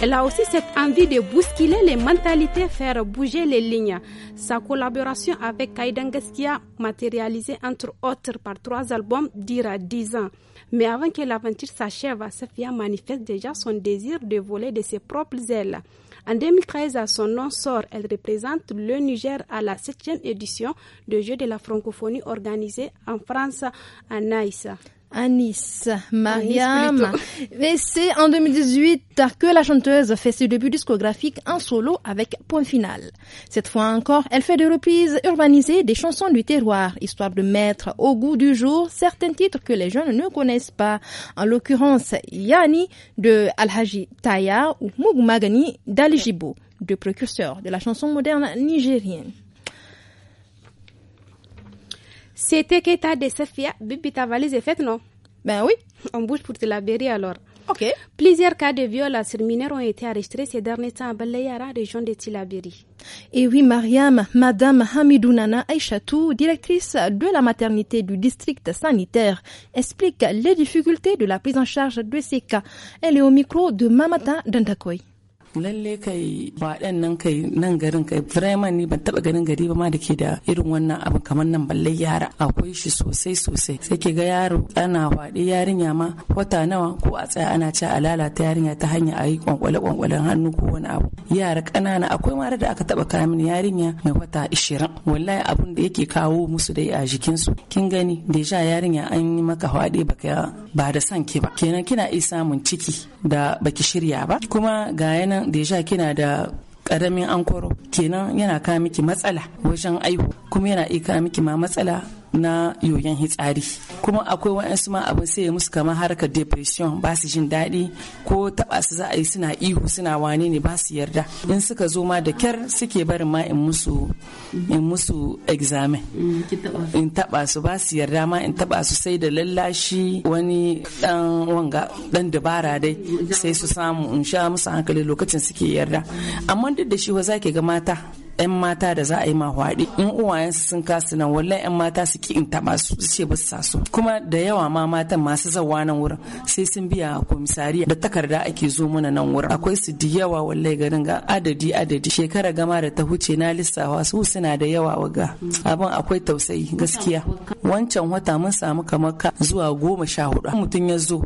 Elle a aussi cette envie de bousculer les mentalités, faire bouger les lignes. Sa collaboration avec Kaidan a matérialisée entre autres par trois albums, dira dix ans. Mais avant que l'aventure s'achève, Safia manifeste déjà son désir de voler de ses propres ailes. En 2013, à son nom sort, elle représente le Niger à la septième édition de Jeux de la francophonie organisée en France à Nice à Nice, Mariam. Mais c'est en 2018 que la chanteuse fait ses débuts discographiques en solo avec Point Final. Cette fois encore, elle fait des reprises urbanisées des chansons du terroir, histoire de mettre au goût du jour certains titres que les jeunes ne connaissent pas. En l'occurrence, Yani de Alhaji Taya ou Mugmagani d'Alijibo, deux précurseurs de la chanson moderne nigérienne. C'était que de des Safia, Bibi, ta valise non Ben oui. On bouge pour te alors. Ok. Plusieurs cas de viol à mineurs ont été enregistrés ces derniers temps à Balayara, région de Tilaberi. Et oui, Mariam, Madame Hamidounana Aïchatou, directrice de la maternité du district sanitaire, explique les difficultés de la prise en charge de ces cas. Elle est au micro de Mamata Dantakoy. lalle kai ba nan kai nan garin kai firaiman ni ban taɓa ganin gari ba ma da ke da irin wannan abu kamar nan balle yara akwai shi sosai sosai sai ki ga yaro ana waɗe yarinya ma wata nawa ko a tsaya ana ci a lalata yarinya ta hanya a yi kwankwale kwankwalen hannu ko wani abu yara ƙanana akwai mara da aka taɓa kawo mini yarinya mai wata ishirin wallahi abun da yake kawo musu dai a jikinsu kin gani deja yarinya an yi maka waɗe baka ba da son ki ba kenan kina iya samun ciki da baki shirya ba kuma ga yanan kenan deja kina da karamin ankoro kenan yana kawo miki matsala wajen aihu kuma yana iya kawo miki ma matsala na yoyon hitsari kuma akwai wa'yansu ma abin sai ya musu kamar harkar depression ba su jin daɗi ko taɓa su za a yi suna ihu suna wane ne ba su yarda in suka zo ma da kyar suke barin ma in musu in musu examen mm, in taɓa su ba su yarda ma in taɓa su sai da lallashi wani dan wanga dan dabara dai sai su samu in sha musu hankali lokacin suke yarda amma duk da shi wa zaki ga mata 'yan mata da za a yi ma hwaɗe in su sun kasu nan wallan 'yan mata su ki in taɓa su ce ba su kuma da yawa ma matan masu zawa nan wurin sai sun biya komisariya da takarda ake zo mana nan wurin akwai su da yawa wallai garin ga adadi adadi shekara gama da ta huce na lissawa su suna da yawa wa ga. abin akwai tausayi gaskiya wancan wata mun samu kamar ka zuwa goma sha hudu mutum ya zo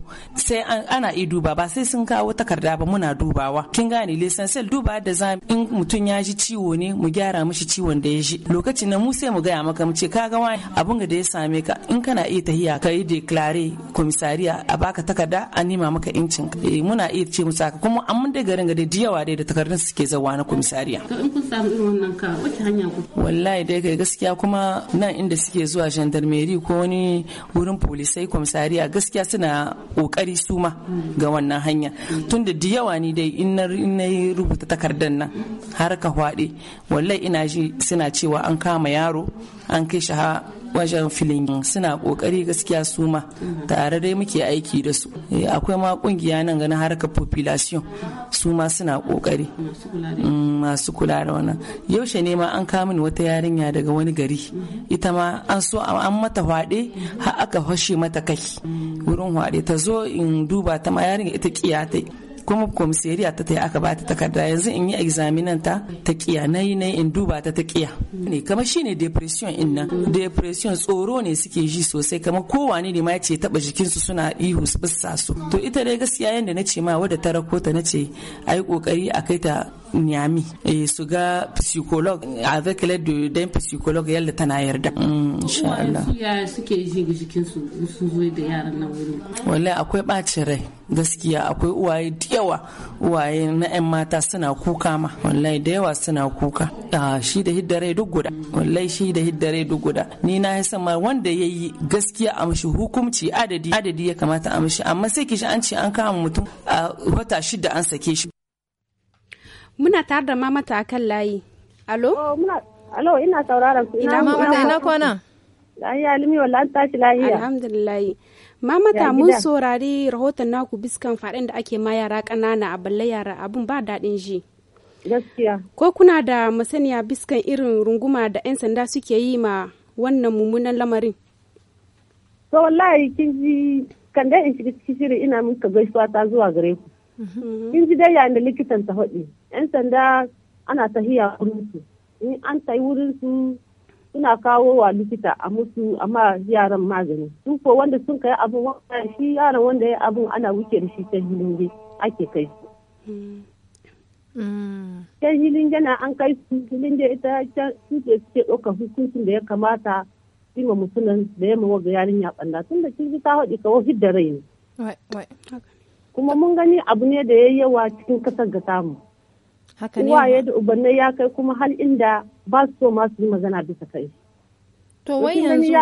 sai ana iya duba ba sai sun kawo takarda ba muna dubawa kin gane lesan sel duba da za in mutum ya ji ciwo ne mu gyara mishi ciwon da ya shi lokacin na mu sai mu gaya maka mu ce ka ga wani abun da ya same ka in kana iya tahiya ka yi declare komisariya a baka takarda an nima maka incin eh muna iya ce mu saka kuma an mun da garin ga da yawa da takardun suke zawa na komisariya to in kun samu irin wannan ka wace hanya ku wallahi dai kai gaskiya kuma nan inda suke zuwa gendarmerie ko wani wurin polisai komisariya gaskiya suna kokari su ma ga wannan hanya tunda da yawa ni dai in na rubuta takardar nan har ka hwaɗe wallai ina ji suna cewa an kama yaro an kai shi ha wajen filin suna kokari gaskiya su ma tare dai muke aiki da su eh, akwai ma kungiya nan na harka population su ma suna kokari mm, masu kula da wannan yaushe ne ma an kamun wata yarinya daga wani gari ita ma an so an mata hwaɗe har aka fashe mata kai wurin hwaɗe ta zo in duba ta ma yarinya ita kiyatai kuma komisariya ta tayi aka ba ta takarda yanzu in yi examinan ta ta kiya na yi in duba ta ta kiya ne shi ne depression in nan depression tsoro ne suke ji sosai kamar kowane ne ma ce taba jikinsu suna ihu su su to ita dai gaskiya yanda na ce ma wadda ta rakota na ce a yi kokari a kai ta Niami eh, su ga psychologue avec l'aide d'un psychologue yalla tana yarda mm, insha Allah ya suke jin jikin su su zo da yaran nan wurin wallahi akwai bacin rai gaskiya akwai uwaye diyawa yawa uwaye na yan mata suna kuka ma wallahi da yawa suna kuka ah, shi da hiddare duk guda wallahi shi da hiddare duk guda ni na yi sama wanda yayi gaskiya a mishi hukumci adadi adadi ya kamata a mishi amma sai kishi an ce an kama mutum a wata shida an sake shi Muna tare da mamata a kan layi. Alo? Oh, alo, ina sauraron ku. Ina mamata ina kwana? Lahiya alimi walla an tashi lahiya. Alhamdulillahi. Mamata mun saurari rahoton naku biskan faɗin da ake ma yara ƙanana a balle yara abun ba daɗin ji. Gaskiya. Ko kuna da masaniya biskan irin runguma da 'yan sanda suke yi ma wannan mummunan lamarin? To wallahi kin ji kan dai in shiga cikin shirin ina muka gaisuwa ta zuwa gare ku. Mhm. Kin ji dai yayin da likitan ta faɗi. 'yan sanda ana tahiya wurinsu in an tayi wurinsu suna kawo wa likita a musu amma yaran magani su ko wanda sun kai abin wanda shi yaran wanda ya abin ana wuce da shi can hilinge ake kai su can mm. hilinge na an kai su hilinge ita can suke suke ɗaukar hukuncin da ya kamata shi ma musulun da ya mawa ga yarin ɓanda tun da shi ta haɗi kawo hidda rai ne kuma mun gani abu ne da ya yawa cikin kasar ga samu haka ne uwaye da ubanne ya kai kuma hal inda ba su so ma su yi magana bisa kai to wai yanzu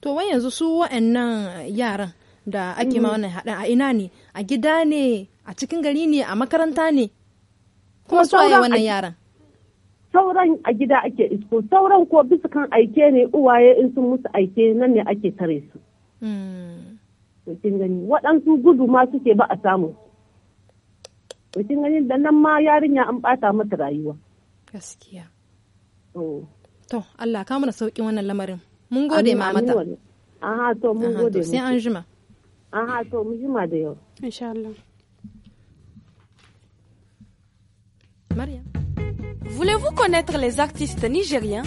to wai yanzu su wa'annan yaran da ake ma mm. wannan haɗin a ina ne a gida ne a cikin gari ne a makaranta ne kuma su waye wannan yaran sauran a gida ake isko sauran ko bisa kan aike ne uwaye in sun musu aike nan ne ake tare su. Mm. Kin gani waɗansu gudu ma suke ba a samu. to kin ganin da nan ma yarinya an bata mata rayuwa gaskiya to Allah ka mana sauƙin wannan lamarin mun gode ma mata aha to mun gode sai an jima aha to mun jima da yau insha Allah Maria Voulez-vous connaître les artistes nigériens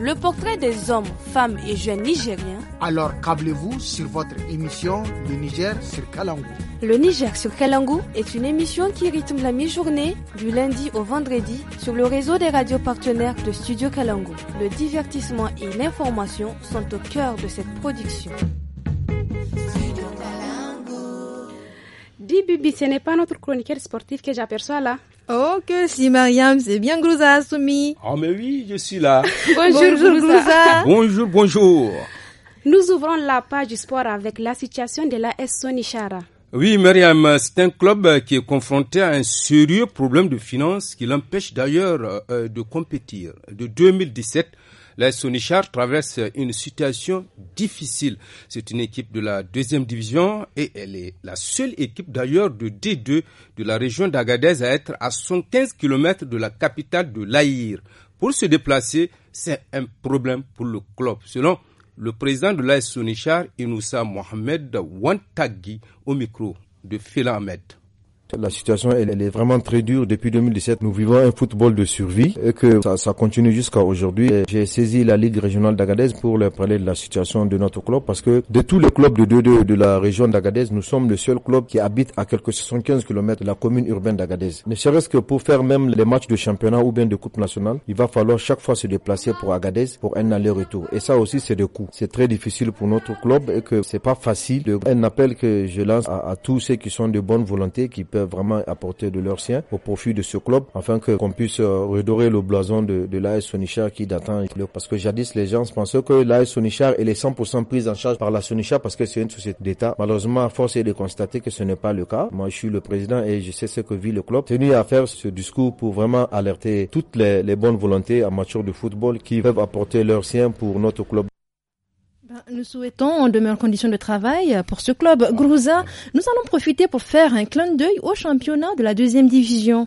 le portrait des hommes, femmes et jeunes nigériens. Alors câblez-vous sur votre émission Le Niger sur Kalangou. Le Niger sur Kalangou est une émission qui rythme la mi-journée du lundi au vendredi sur le réseau des radios partenaires de Studio Kalangou. Le divertissement et l'information sont au cœur de cette production. Dibibi, ce n'est pas notre chroniqueur sportif que j'aperçois là. Ok, si, Mariam, c'est bien Grouza Soumi. Ah, mais oui, je suis là. bonjour, bonjour Grouza. Bonjour, bonjour. Nous ouvrons la page du sport avec la situation de la S Nishara. Oui, Mariam, c'est un club qui est confronté à un sérieux problème de finances qui l'empêche d'ailleurs euh, de compétir. De 2017 la Sonichar traverse une situation difficile. C'est une équipe de la deuxième division et elle est la seule équipe d'ailleurs de D2 de la région d'Agadez à être à 115 km de la capitale de l'Aïr. Pour se déplacer, c'est un problème pour le club. Selon le président de l'AS Sonichar, Inoussa Mohamed Wantagi, au micro de Fela Ahmed. La situation, elle, est vraiment très dure. Depuis 2017, nous vivons un football de survie et que ça, continue jusqu'à aujourd'hui. J'ai saisi la Ligue régionale d'Agadez pour leur parler de la situation de notre club parce que de tous les clubs de 2 de la région d'Agadez, nous sommes le seul club qui habite à quelques 75 km de la commune urbaine d'Agadez. Ne serait-ce que pour faire même les matchs de championnat ou bien de coupe nationale, il va falloir chaque fois se déplacer pour Agadez pour un aller-retour. Et ça aussi, c'est des coûts. C'est très difficile pour notre club et que c'est pas facile. Un appel que je lance à tous ceux qui sont de bonne volonté, qui peuvent vraiment apporter de leur sien au profit de ce club afin que qu'on puisse euh, redorer le blason de, de l'AS Sonichar qui datant parce que jadis les gens pensaient que l'AS Sonichar est les 100% prise en charge par la Sonichar parce que c'est une société d'État. Malheureusement, force est de constater que ce n'est pas le cas. Moi, je suis le président et je sais ce que vit le club. Tenu à faire ce discours pour vraiment alerter toutes les, les bonnes volontés amateurs de football qui peuvent apporter leur sien pour notre club. Nous souhaitons de meilleures conditions de travail euh, pour ce club. Ah, nous allons profiter pour faire un clin d'œil au championnat de la deuxième division.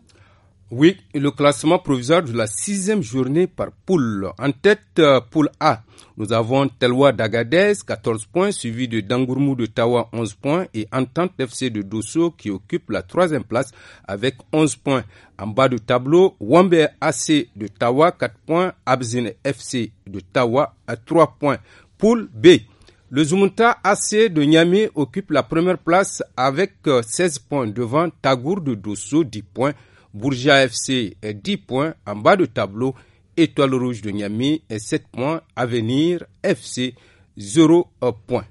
Oui, le classement provisoire de la sixième journée par poule. En tête, euh, poule A, nous avons Telwa d'Agadez, 14 points, suivi de Dangourmou de Tawa, 11 points, et Entente FC de Dosso qui occupe la troisième place avec 11 points. En bas du tableau, Wambe AC de Tawa, 4 points, Abzine FC de Tawa à 3 points. Poule B. Le Zumunta AC de Niamey occupe la première place avec 16 euh, points devant Tagour de Dosso 10 points, Bourgia FC 10 euh, points en bas de tableau, Étoile Rouge de Niamey 7 euh, points, Avenir FC 0 points.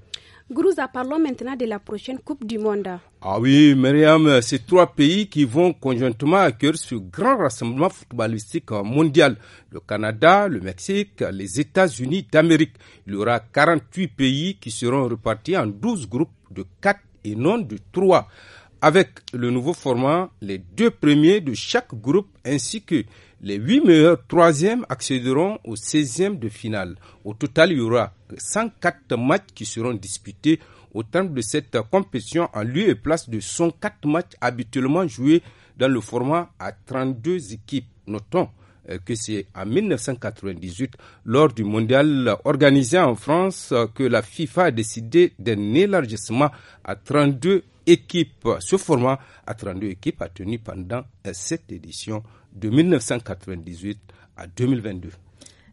Gourouza, parlons maintenant de la prochaine Coupe du Monde. Ah oui, Myriam, c'est trois pays qui vont conjointement accueillir ce grand rassemblement footballistique mondial. Le Canada, le Mexique, les États-Unis d'Amérique. Il y aura 48 pays qui seront repartis en 12 groupes de 4 et non de 3. Avec le nouveau format, les deux premiers de chaque groupe ainsi que les huit meilleurs troisièmes accéderont au 16e de finale. Au total, il y aura 104 matchs qui seront disputés au terme de cette compétition en lieu et place de 104 matchs habituellement joués dans le format à 32 équipes. Notons euh, que c'est en 1998, lors du mondial organisé en France, euh, que la FIFA a décidé d'un élargissement à 32 équipes. Ce format à 32 équipes a tenu pendant euh, cette édition de 1998 à 2022.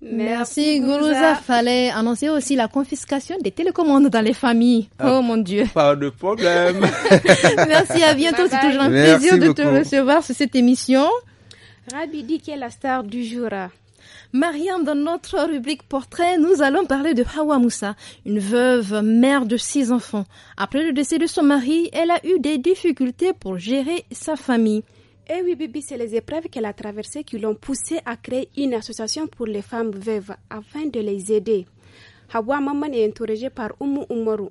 Merci, Gourouza. Fallait annoncer aussi la confiscation des télécommandes dans les familles. Ah, oh mon Dieu. Pas de problème. Merci, à bientôt. C'est toujours un plaisir de te recevoir sur cette émission. Rabidi, qui est la star du jour. Mariam, dans notre rubrique portrait, nous allons parler de Hawa Moussa, une veuve mère de six enfants. Après le décès de son mari, elle a eu des difficultés pour gérer sa famille. Eh oui, Bibi, c'est les épreuves qu'elle a traversées qui l'ont poussée à créer une association pour les femmes veuves afin de les aider. Hawa Maman est interrogée par Oumu Umaru.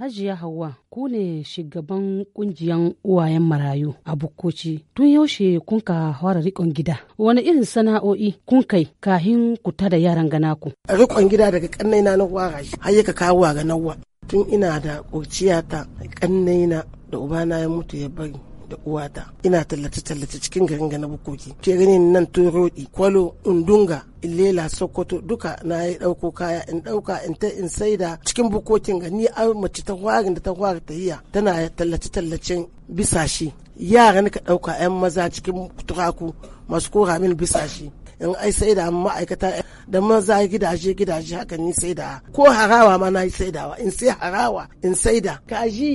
Hajiya hawa kune shigaban shugaban kungiyan uwayen marayu a Bukkoci. Tun yaushe kun ka fara rikon gida. Wani irin sana'o'i kun kai kahin ku tada yaran gana ku? Rikon gida daga kannai na nawa gashi. Har ka kawo ga nawa. Tun ina da kurciyata kannai na da ubana ya mutu ya bari. da uwata ina tallace-tallace cikin garin ga na bukoki ke gani nan torodi kwalo undunga lela sokoto duka na yi ɗauko kaya in ɗauka in ta in saida cikin bukokin ga ni a mace ta hwarin da ta hwari ta hiya tana tallace-tallacen bisashi yara ka ɗauka 'yan maza cikin turaku masu kora min bisashi in ai saida da ma'aikata da maza gidaje gidaje haka ni saida ko harawa ma na yi saidawa in sai harawa in saida kaji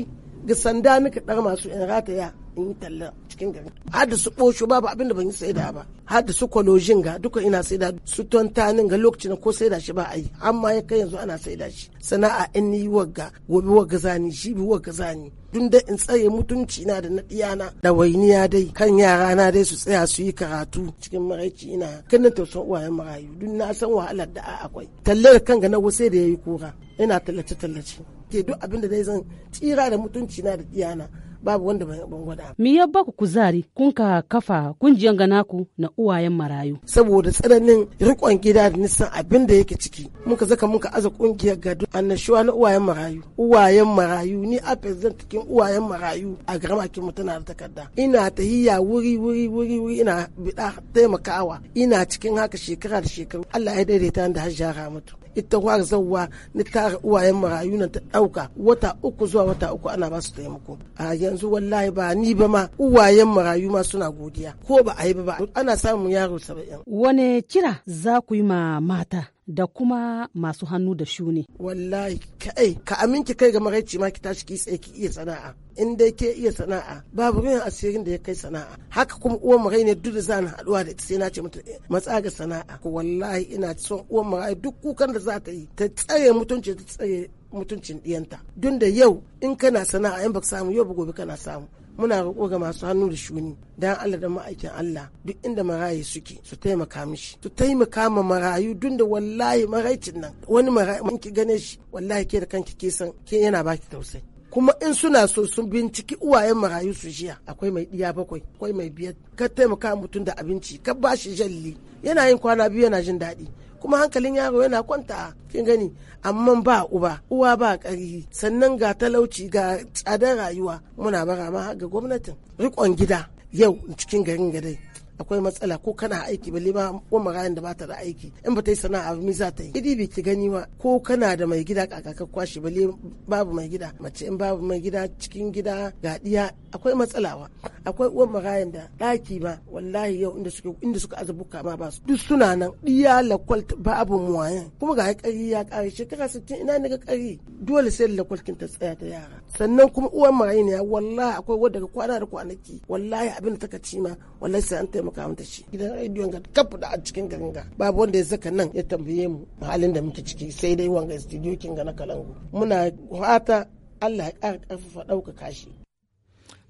ga sanda nika dar masu in rataya in yi talla cikin gari har su ɓosho babu abinda ban yi saida ba har da su kwalojin ga duka ina saida su tontanin ga lokacin ko saida shi ba a yi amma ya kai yanzu ana sai da shi sana'a in ni wagga gobe wagga zani shi bi wagga zani dun da in tsaye mutunci na da na ɗiyana da wainiya dai kan yara na dai su tsaya su yi karatu cikin maraici ina kanin tausan uwayen marayu dun na san wahalar da akwai tallar kan ga na wasu da ya yi kura ina tallace tallace ke duk abinda da zai zan tsira da mutunci na da ɗiyana babu wanda ban gwada me ya baku kuzari kun ka kafa kungiyar ganaku na uwayen marayu saboda tsananin rikon gida da nisan abin da yake ciki muka zaka muka aza kungiyar gado annashuwa na uwayen marayu uwayen marayu ni a president cikin uwayen marayu a garamakin mu tana da takarda ina tahiyya wuri wuri wuri wuri ina bida taimakawa ina cikin haka shekara da shekaru Allah ya daidaita da ya ramatu. ita fara zauwa ni tara uwayen marayu na ta ɗauka wata uku zuwa wata uku ana ba su taimako a yanzu wallahi ba ni ba ma uwayen marayu ma suna godiya ko ba a yi ba ana samun yaro saba'in. wane kira za ku yi ma mata da kuma masu hannu da shuni. Wallahi kai ka aminki kai ga maraici ma ki tashi ki tsaye ki iya sana'a. In dai ke iya sana'a babu ruwan asirin da ya kai sana'a. Haka kuma uwan marai ne duk da za na haɗuwa da sai na ce mata eh, matsa ga sana'a. Wallahi ina son uwan magai duk kukan da za ta yi ta tsare mutunci ta tsare mutuncin ɗiyanta. Dun da yau in kana sana'a in baka samu yau ba gobe kana samu. muna roƙo ga masu hannu da shuni dan Allah da ma'aikin Allah duk inda marayi suke su taimaka mishi su taimaka ma marayu dun da wallahi maraicin nan wani marayu ki gane shi wallahi ke da kanki ke san ke yana baki tausayi kuma in suna so sun binciki uwayen marayu su jiya akwai mai diya bakwai akwai mai biyar ka taimaka mutum da abinci ka bashi jalli yana yin kwana biyu yana jin daɗi kuma hankalin yaro yana kwanta kin gani amma ba uba uwa ba ƙarfi sannan ga talauci ga tsadar rayuwa muna bara ma ga gwamnatin rikon gida yau cikin garin gadai akwai matsala ko kana aiki balle ba ko magana da bata da aiki in ba ta yi sana'a mi za ta yi idi bi ki gani ma ko kana da mai gida ka kwashi balle babu mai gida mace in babu mai gida cikin gida ga diya akwai matsala wa akwai uwan magana da daki ma wallahi yau inda suka inda suka azubuka ma ba su duk suna nan diya lakwal babu muwayan kuma ga kari ya kare shekara 60 ina ne ga kari dole sai lakwalkin ta tsaya ta yara sannan kuma uwan magana ya wallahi akwai wadda kwana da kwanaki wallahi abin da ta ma wallahi sai an taimaka mata shi gidan rediyon ga kaf da a cikin garin ga babu wanda ya saka nan ya tambaye mu halin da muke ciki sai dai wanga studio kin ga na kalangu muna fata Allah ya ƙara ƙarfafa ɗaukaka shi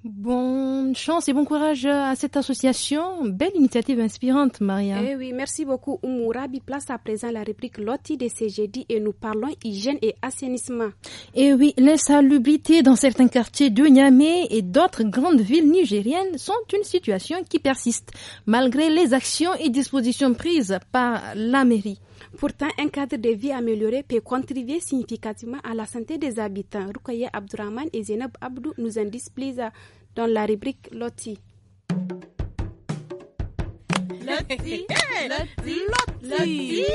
Bonne chance et bon courage à cette association. Belle initiative inspirante, Maria. Eh oui, merci beaucoup, Umurabi Place à présent la réplique Loti de CGD et nous parlons hygiène et assainissement. Eh oui, l'insalubrité dans certains quartiers de Niamey et d'autres grandes villes nigériennes sont une situation qui persiste, malgré les actions et dispositions prises par la mairie. Pourtant, un cadre de vie amélioré peut contribuer significativement à la santé des habitants. Rukaye Abdurrahman et Zenob Abdou nous en disent plus dans la rubrique Loti. Loti, Loti, Loti.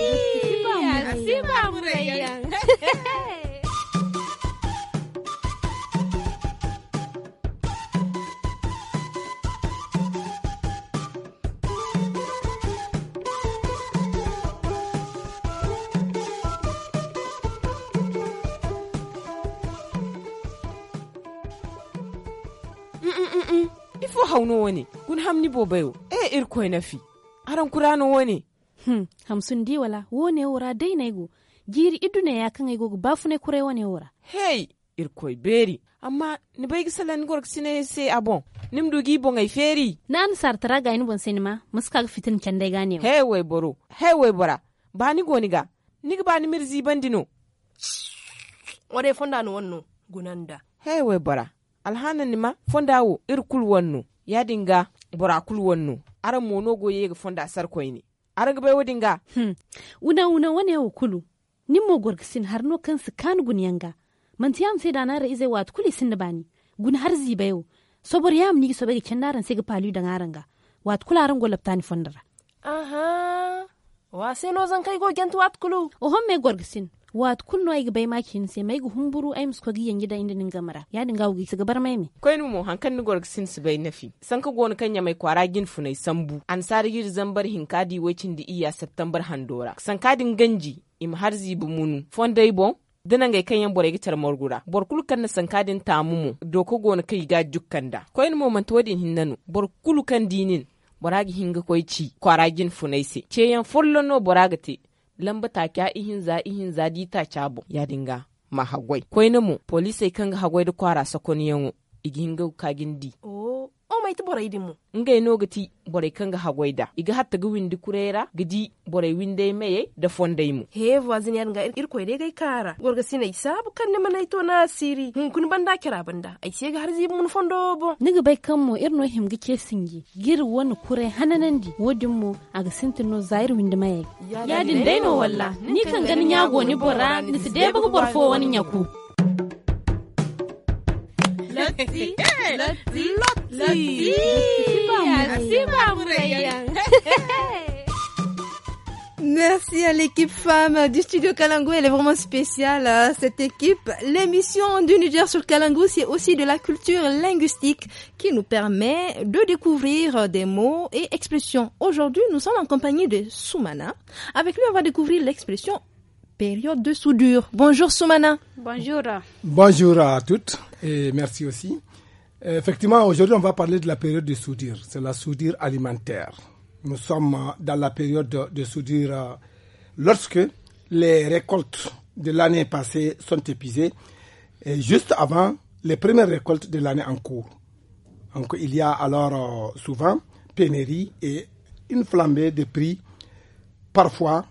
ko hauno woni kun hamni bobayo e na nafi aran kurano woni hmm hamsun di wala wone wora na go giri iduna ya kan go ne kure wane wora hey irkoy beri amma ni bai gisalan gork sine se abon nim dugi bon ay feri nan sartara ga in bon sinima muska fitin dai gane hey way boro hey way bora bani goni ga niga bani mirzi bandino ore fonda no wonno gunanda hey way bora alhanan nima fonda wo irkul wonno ya dinga burakulu wannu aran mono go yega fonda sar koyni aran gbe wadinga hmm. una una wane hukulu nimmo gorgsin no kansu kan man tiyam sai dana ra izai wat kuli sin bani gun har bayo sobor yam ni sobe ke kendaran sai ga palu da ngaranga wat kula go laptani fondara aha wa sai no zan kai go gentu wat kulu o homme gorgsin wat kunno ay bay ma kin se mai gu humburu ay musko gi gida inda ninga mara ya dinga wugi su bar mai mi koy nu hankan ni gorg sin bai nafi san ka gon kanya mai kwara gin funai sambu an sari yir zambar hinkadi wacin di iya september handora san kadin ganji im har zibu munu fondai bon dana ngai kan yan gitar morgura bor kulu kan san sankadin tamumu doko gona kai ga jukkanda koyin mo man todin hinnanu kulu kan dinin boragi hinga ci. kwaragin funaise se. Ceyan follo no boragati lamba ta kya ihin za ihin za dita cabo ya dinga ma hagwai koy mu kan kanga hagwai da kwara sakoni igihinga kagindi oh o oh, mai ti borai dimu ngai no gati borai kanga hagoida iga hatta ga windi kurera gidi borai winde meye da fondai mu he voisin yar ngai irko dai gai kara gorga sina isabu kan ne to na siri hun kun banda kira banda ai sai ga har zibu mun fondo bo niga bai kan mu irno himgi ke singi gir wani kure hananan di wodin mu aga sintino zair windi maye yadin dai no walla ni kan ganin yago ni bora ni su bugu borfo wani yaku Merci à l'équipe femme du studio Kalango. Elle est vraiment spéciale, euh, cette équipe. L'émission du Niger sur Kalango, c'est aussi de la culture linguistique qui nous permet de découvrir des mots et expressions. Aujourd'hui, nous sommes en compagnie de Soumana. Avec lui, on va découvrir l'expression période de soudure. Bonjour Soumana. Bonjour. Bonjour à toutes et merci aussi. Euh, effectivement, aujourd'hui, on va parler de la période de soudure. C'est la soudure alimentaire. Nous sommes dans la période de, soudure euh, lorsque les récoltes de l'année passée sont épuisées et juste avant les premières récoltes de l'année en cours. il y a alors euh, souvent pénurie et une flambée de prix, parfois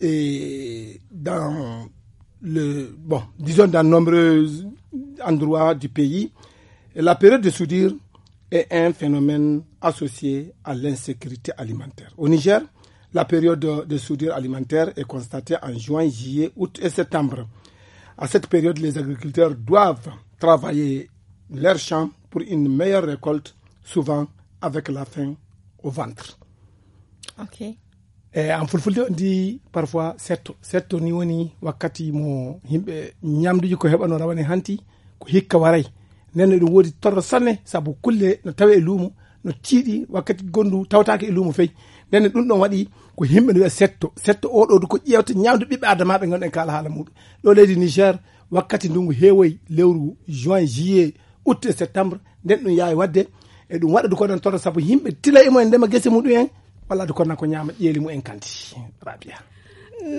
et dans le, bon, disons dans nombreux endroits du pays, la période de soudure est un phénomène associé à l'insécurité alimentaire. Au Niger, la période de, soudure alimentaire est constatée en juin, juillet, août et septembre. À cette période, les agriculteurs doivent travailler leurs champs pour une meilleure récolte, souvent avec la faim au ventre. Okay. eyi an fulfulde ndi parfois setto setto ni woni wakkati mo yimɓe ñamduji ko heɓano rawane hanti ko hikka waray nden eɗum woodi torro sanne saabu kulle no tawe e luumo no tiiɗi wakkati gonndu tawtaake e luumo feyi nden ɗum ɗon waɗi ko yimɓe no wiya setto setto oɗo du ko ƴeewta ñaamdu ɓiɓɓe adamaɓe ganduɗen kaala haala muɗum ɗo leydi niger wakkati ndungu heewoyi lewru juin juillet août e septembre nden ɗum yaawi waɗde e ɗum waɗa du ko ɗon torro saabu yimɓe tila e mumen ndema gese muɗum hen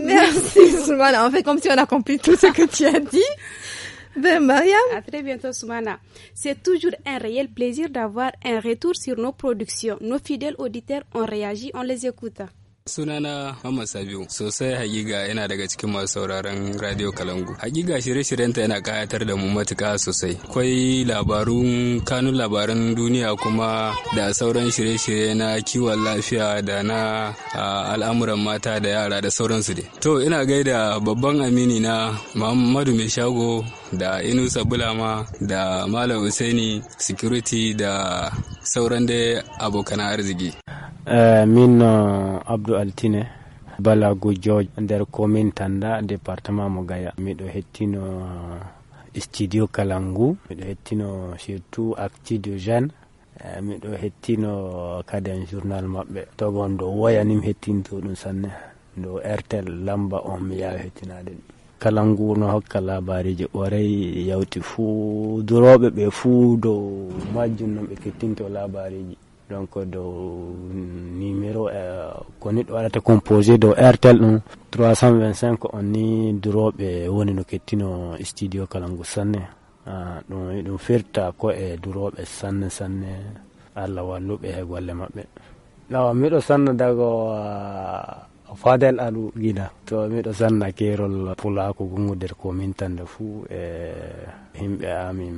merci Soumana on fait comme si on a compris tout ce que tu as dit ben Mariam. À très bientôt, Soumana. C'est toujours un réel plaisir d'avoir un retour sur nos productions. Nos fidèles auditeurs ont réagi, on les écoute. sunana Muhammad Sabiu sosai hakika yana daga cikin masu sauraron Radio Kalangu hakika shirye shiryen ta yana kayatar da mu matuka sosai kwai labarun kanun labaran duniya kuma da sauran shirye-shirye na kiwon lafiya da na al'amuran mata da yara da sauransu dai to ina gaida babban amini na Muhammadu Mai Shago da Inusa Bulama da Malam Usaini Security da sauran dai abokan arziki Eh, min abdou altine bala gujjojo nder commune tanda département mo gaya miɗo hettino eh, studio kalangu miɗo hettino surtout acti de jeune eh, miɗo hettino kaden journal maɓɓe togon do woyanim hettinto ɗum sanne do airtel lamba o mi yawi hettinade ɗum kalangu no hokka labareji ɓorey yawti fuu duroɓe ɓe fuu dow majjum no ɓe kettinto labareji donc dow numéro euh, koni ɗo waɗata composé dow airtel ɗum 325 on ni duroɓe woni no kettino studio kala kalangu sanne ah, ɗum ɗum firta ko e duroɓe sanne sanne allah walluɓe e golle maɓɓe awa miɗo sanna dago ah, fadel alu gida to miɗo sanna kerol pulako gongo nder komin tande fuu e himɓe amin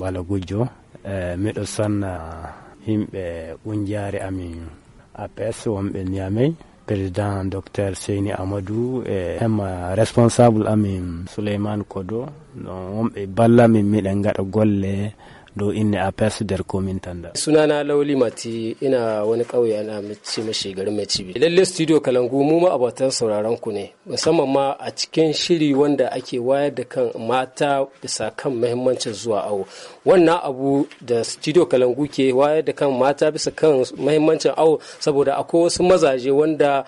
bala gujjo e miɗo sanna yimɓe ɓunjaari amin aps wonɓe niyamey président docteur seyni amadou e hemma responsable amin souleymane kodo non wonɓe ballamin miɗen gaɗa golle do in a fes der komin tanda sunana lauli mati ina wani kauye ana mace mashi garin mai cibi lalle studio kalangu mu ma abatan sauraron ku ne musamman ma a cikin shiri wanda ake wayar da kan mata bisa kan mahimmancin zuwa awo wannan abu da studio kalangu ke wayar da kan mata bisa kan mahimmancin awo saboda akwai wasu mazaje wanda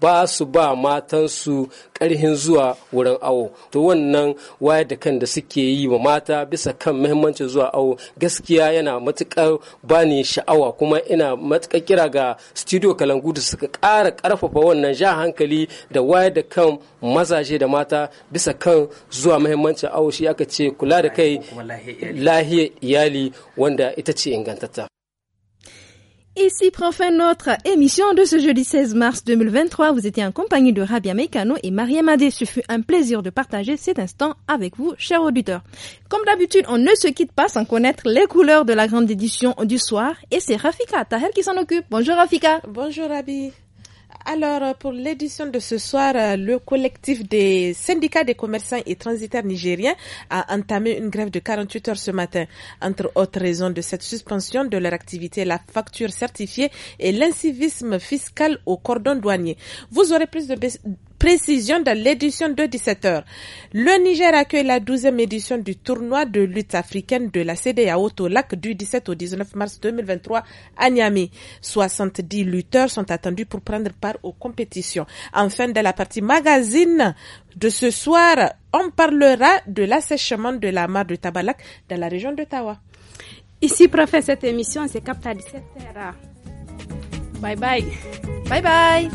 ba su ba matansu karhin zuwa wurin awo to wannan wayar da kan da suke yi wa mata bisa kan muhimmancin zuwa awo gaskiya yana matukar bani sha'awa kuma ina matukar kira ga studio kalangu da suka kara karfafa wannan ja hankali da wayar da kan mazaje da mata bisa kan zuwa muhimmancin awo shi aka ce kula da kai lahiyar iyali wanda ita ce ingantatta Ici prend fin notre émission de ce jeudi 16 mars 2023. Vous étiez en compagnie de Rabia Meikano et Maria Madé. Ce fut un plaisir de partager cet instant avec vous, chers auditeurs. Comme d'habitude, on ne se quitte pas sans connaître les couleurs de la grande édition du soir et c'est Rafika Tahel qui s'en occupe. Bonjour Rafika. Bonjour Rabi. Alors, euh, pour l'édition de ce soir, euh, le collectif des syndicats des commerçants et transitaires nigériens a entamé une grève de 48 heures ce matin. Entre autres raisons de cette suspension de leur activité, la facture certifiée et l'incivisme fiscal au cordon douanier. Vous aurez plus de, précision dans l'édition de 17h. Le Niger accueille la 12e édition du tournoi de lutte africaine de la Auto Lac du 17 au 19 mars 2023 à Niamey. 70 lutteurs sont attendus pour prendre part aux compétitions. Enfin, dans la partie magazine de ce soir, on parlera de l'assèchement de la mare de Tabalak dans la région d'Ottawa. Ici, professeur cette émission c'est capte 17h. Bye bye. Bye bye.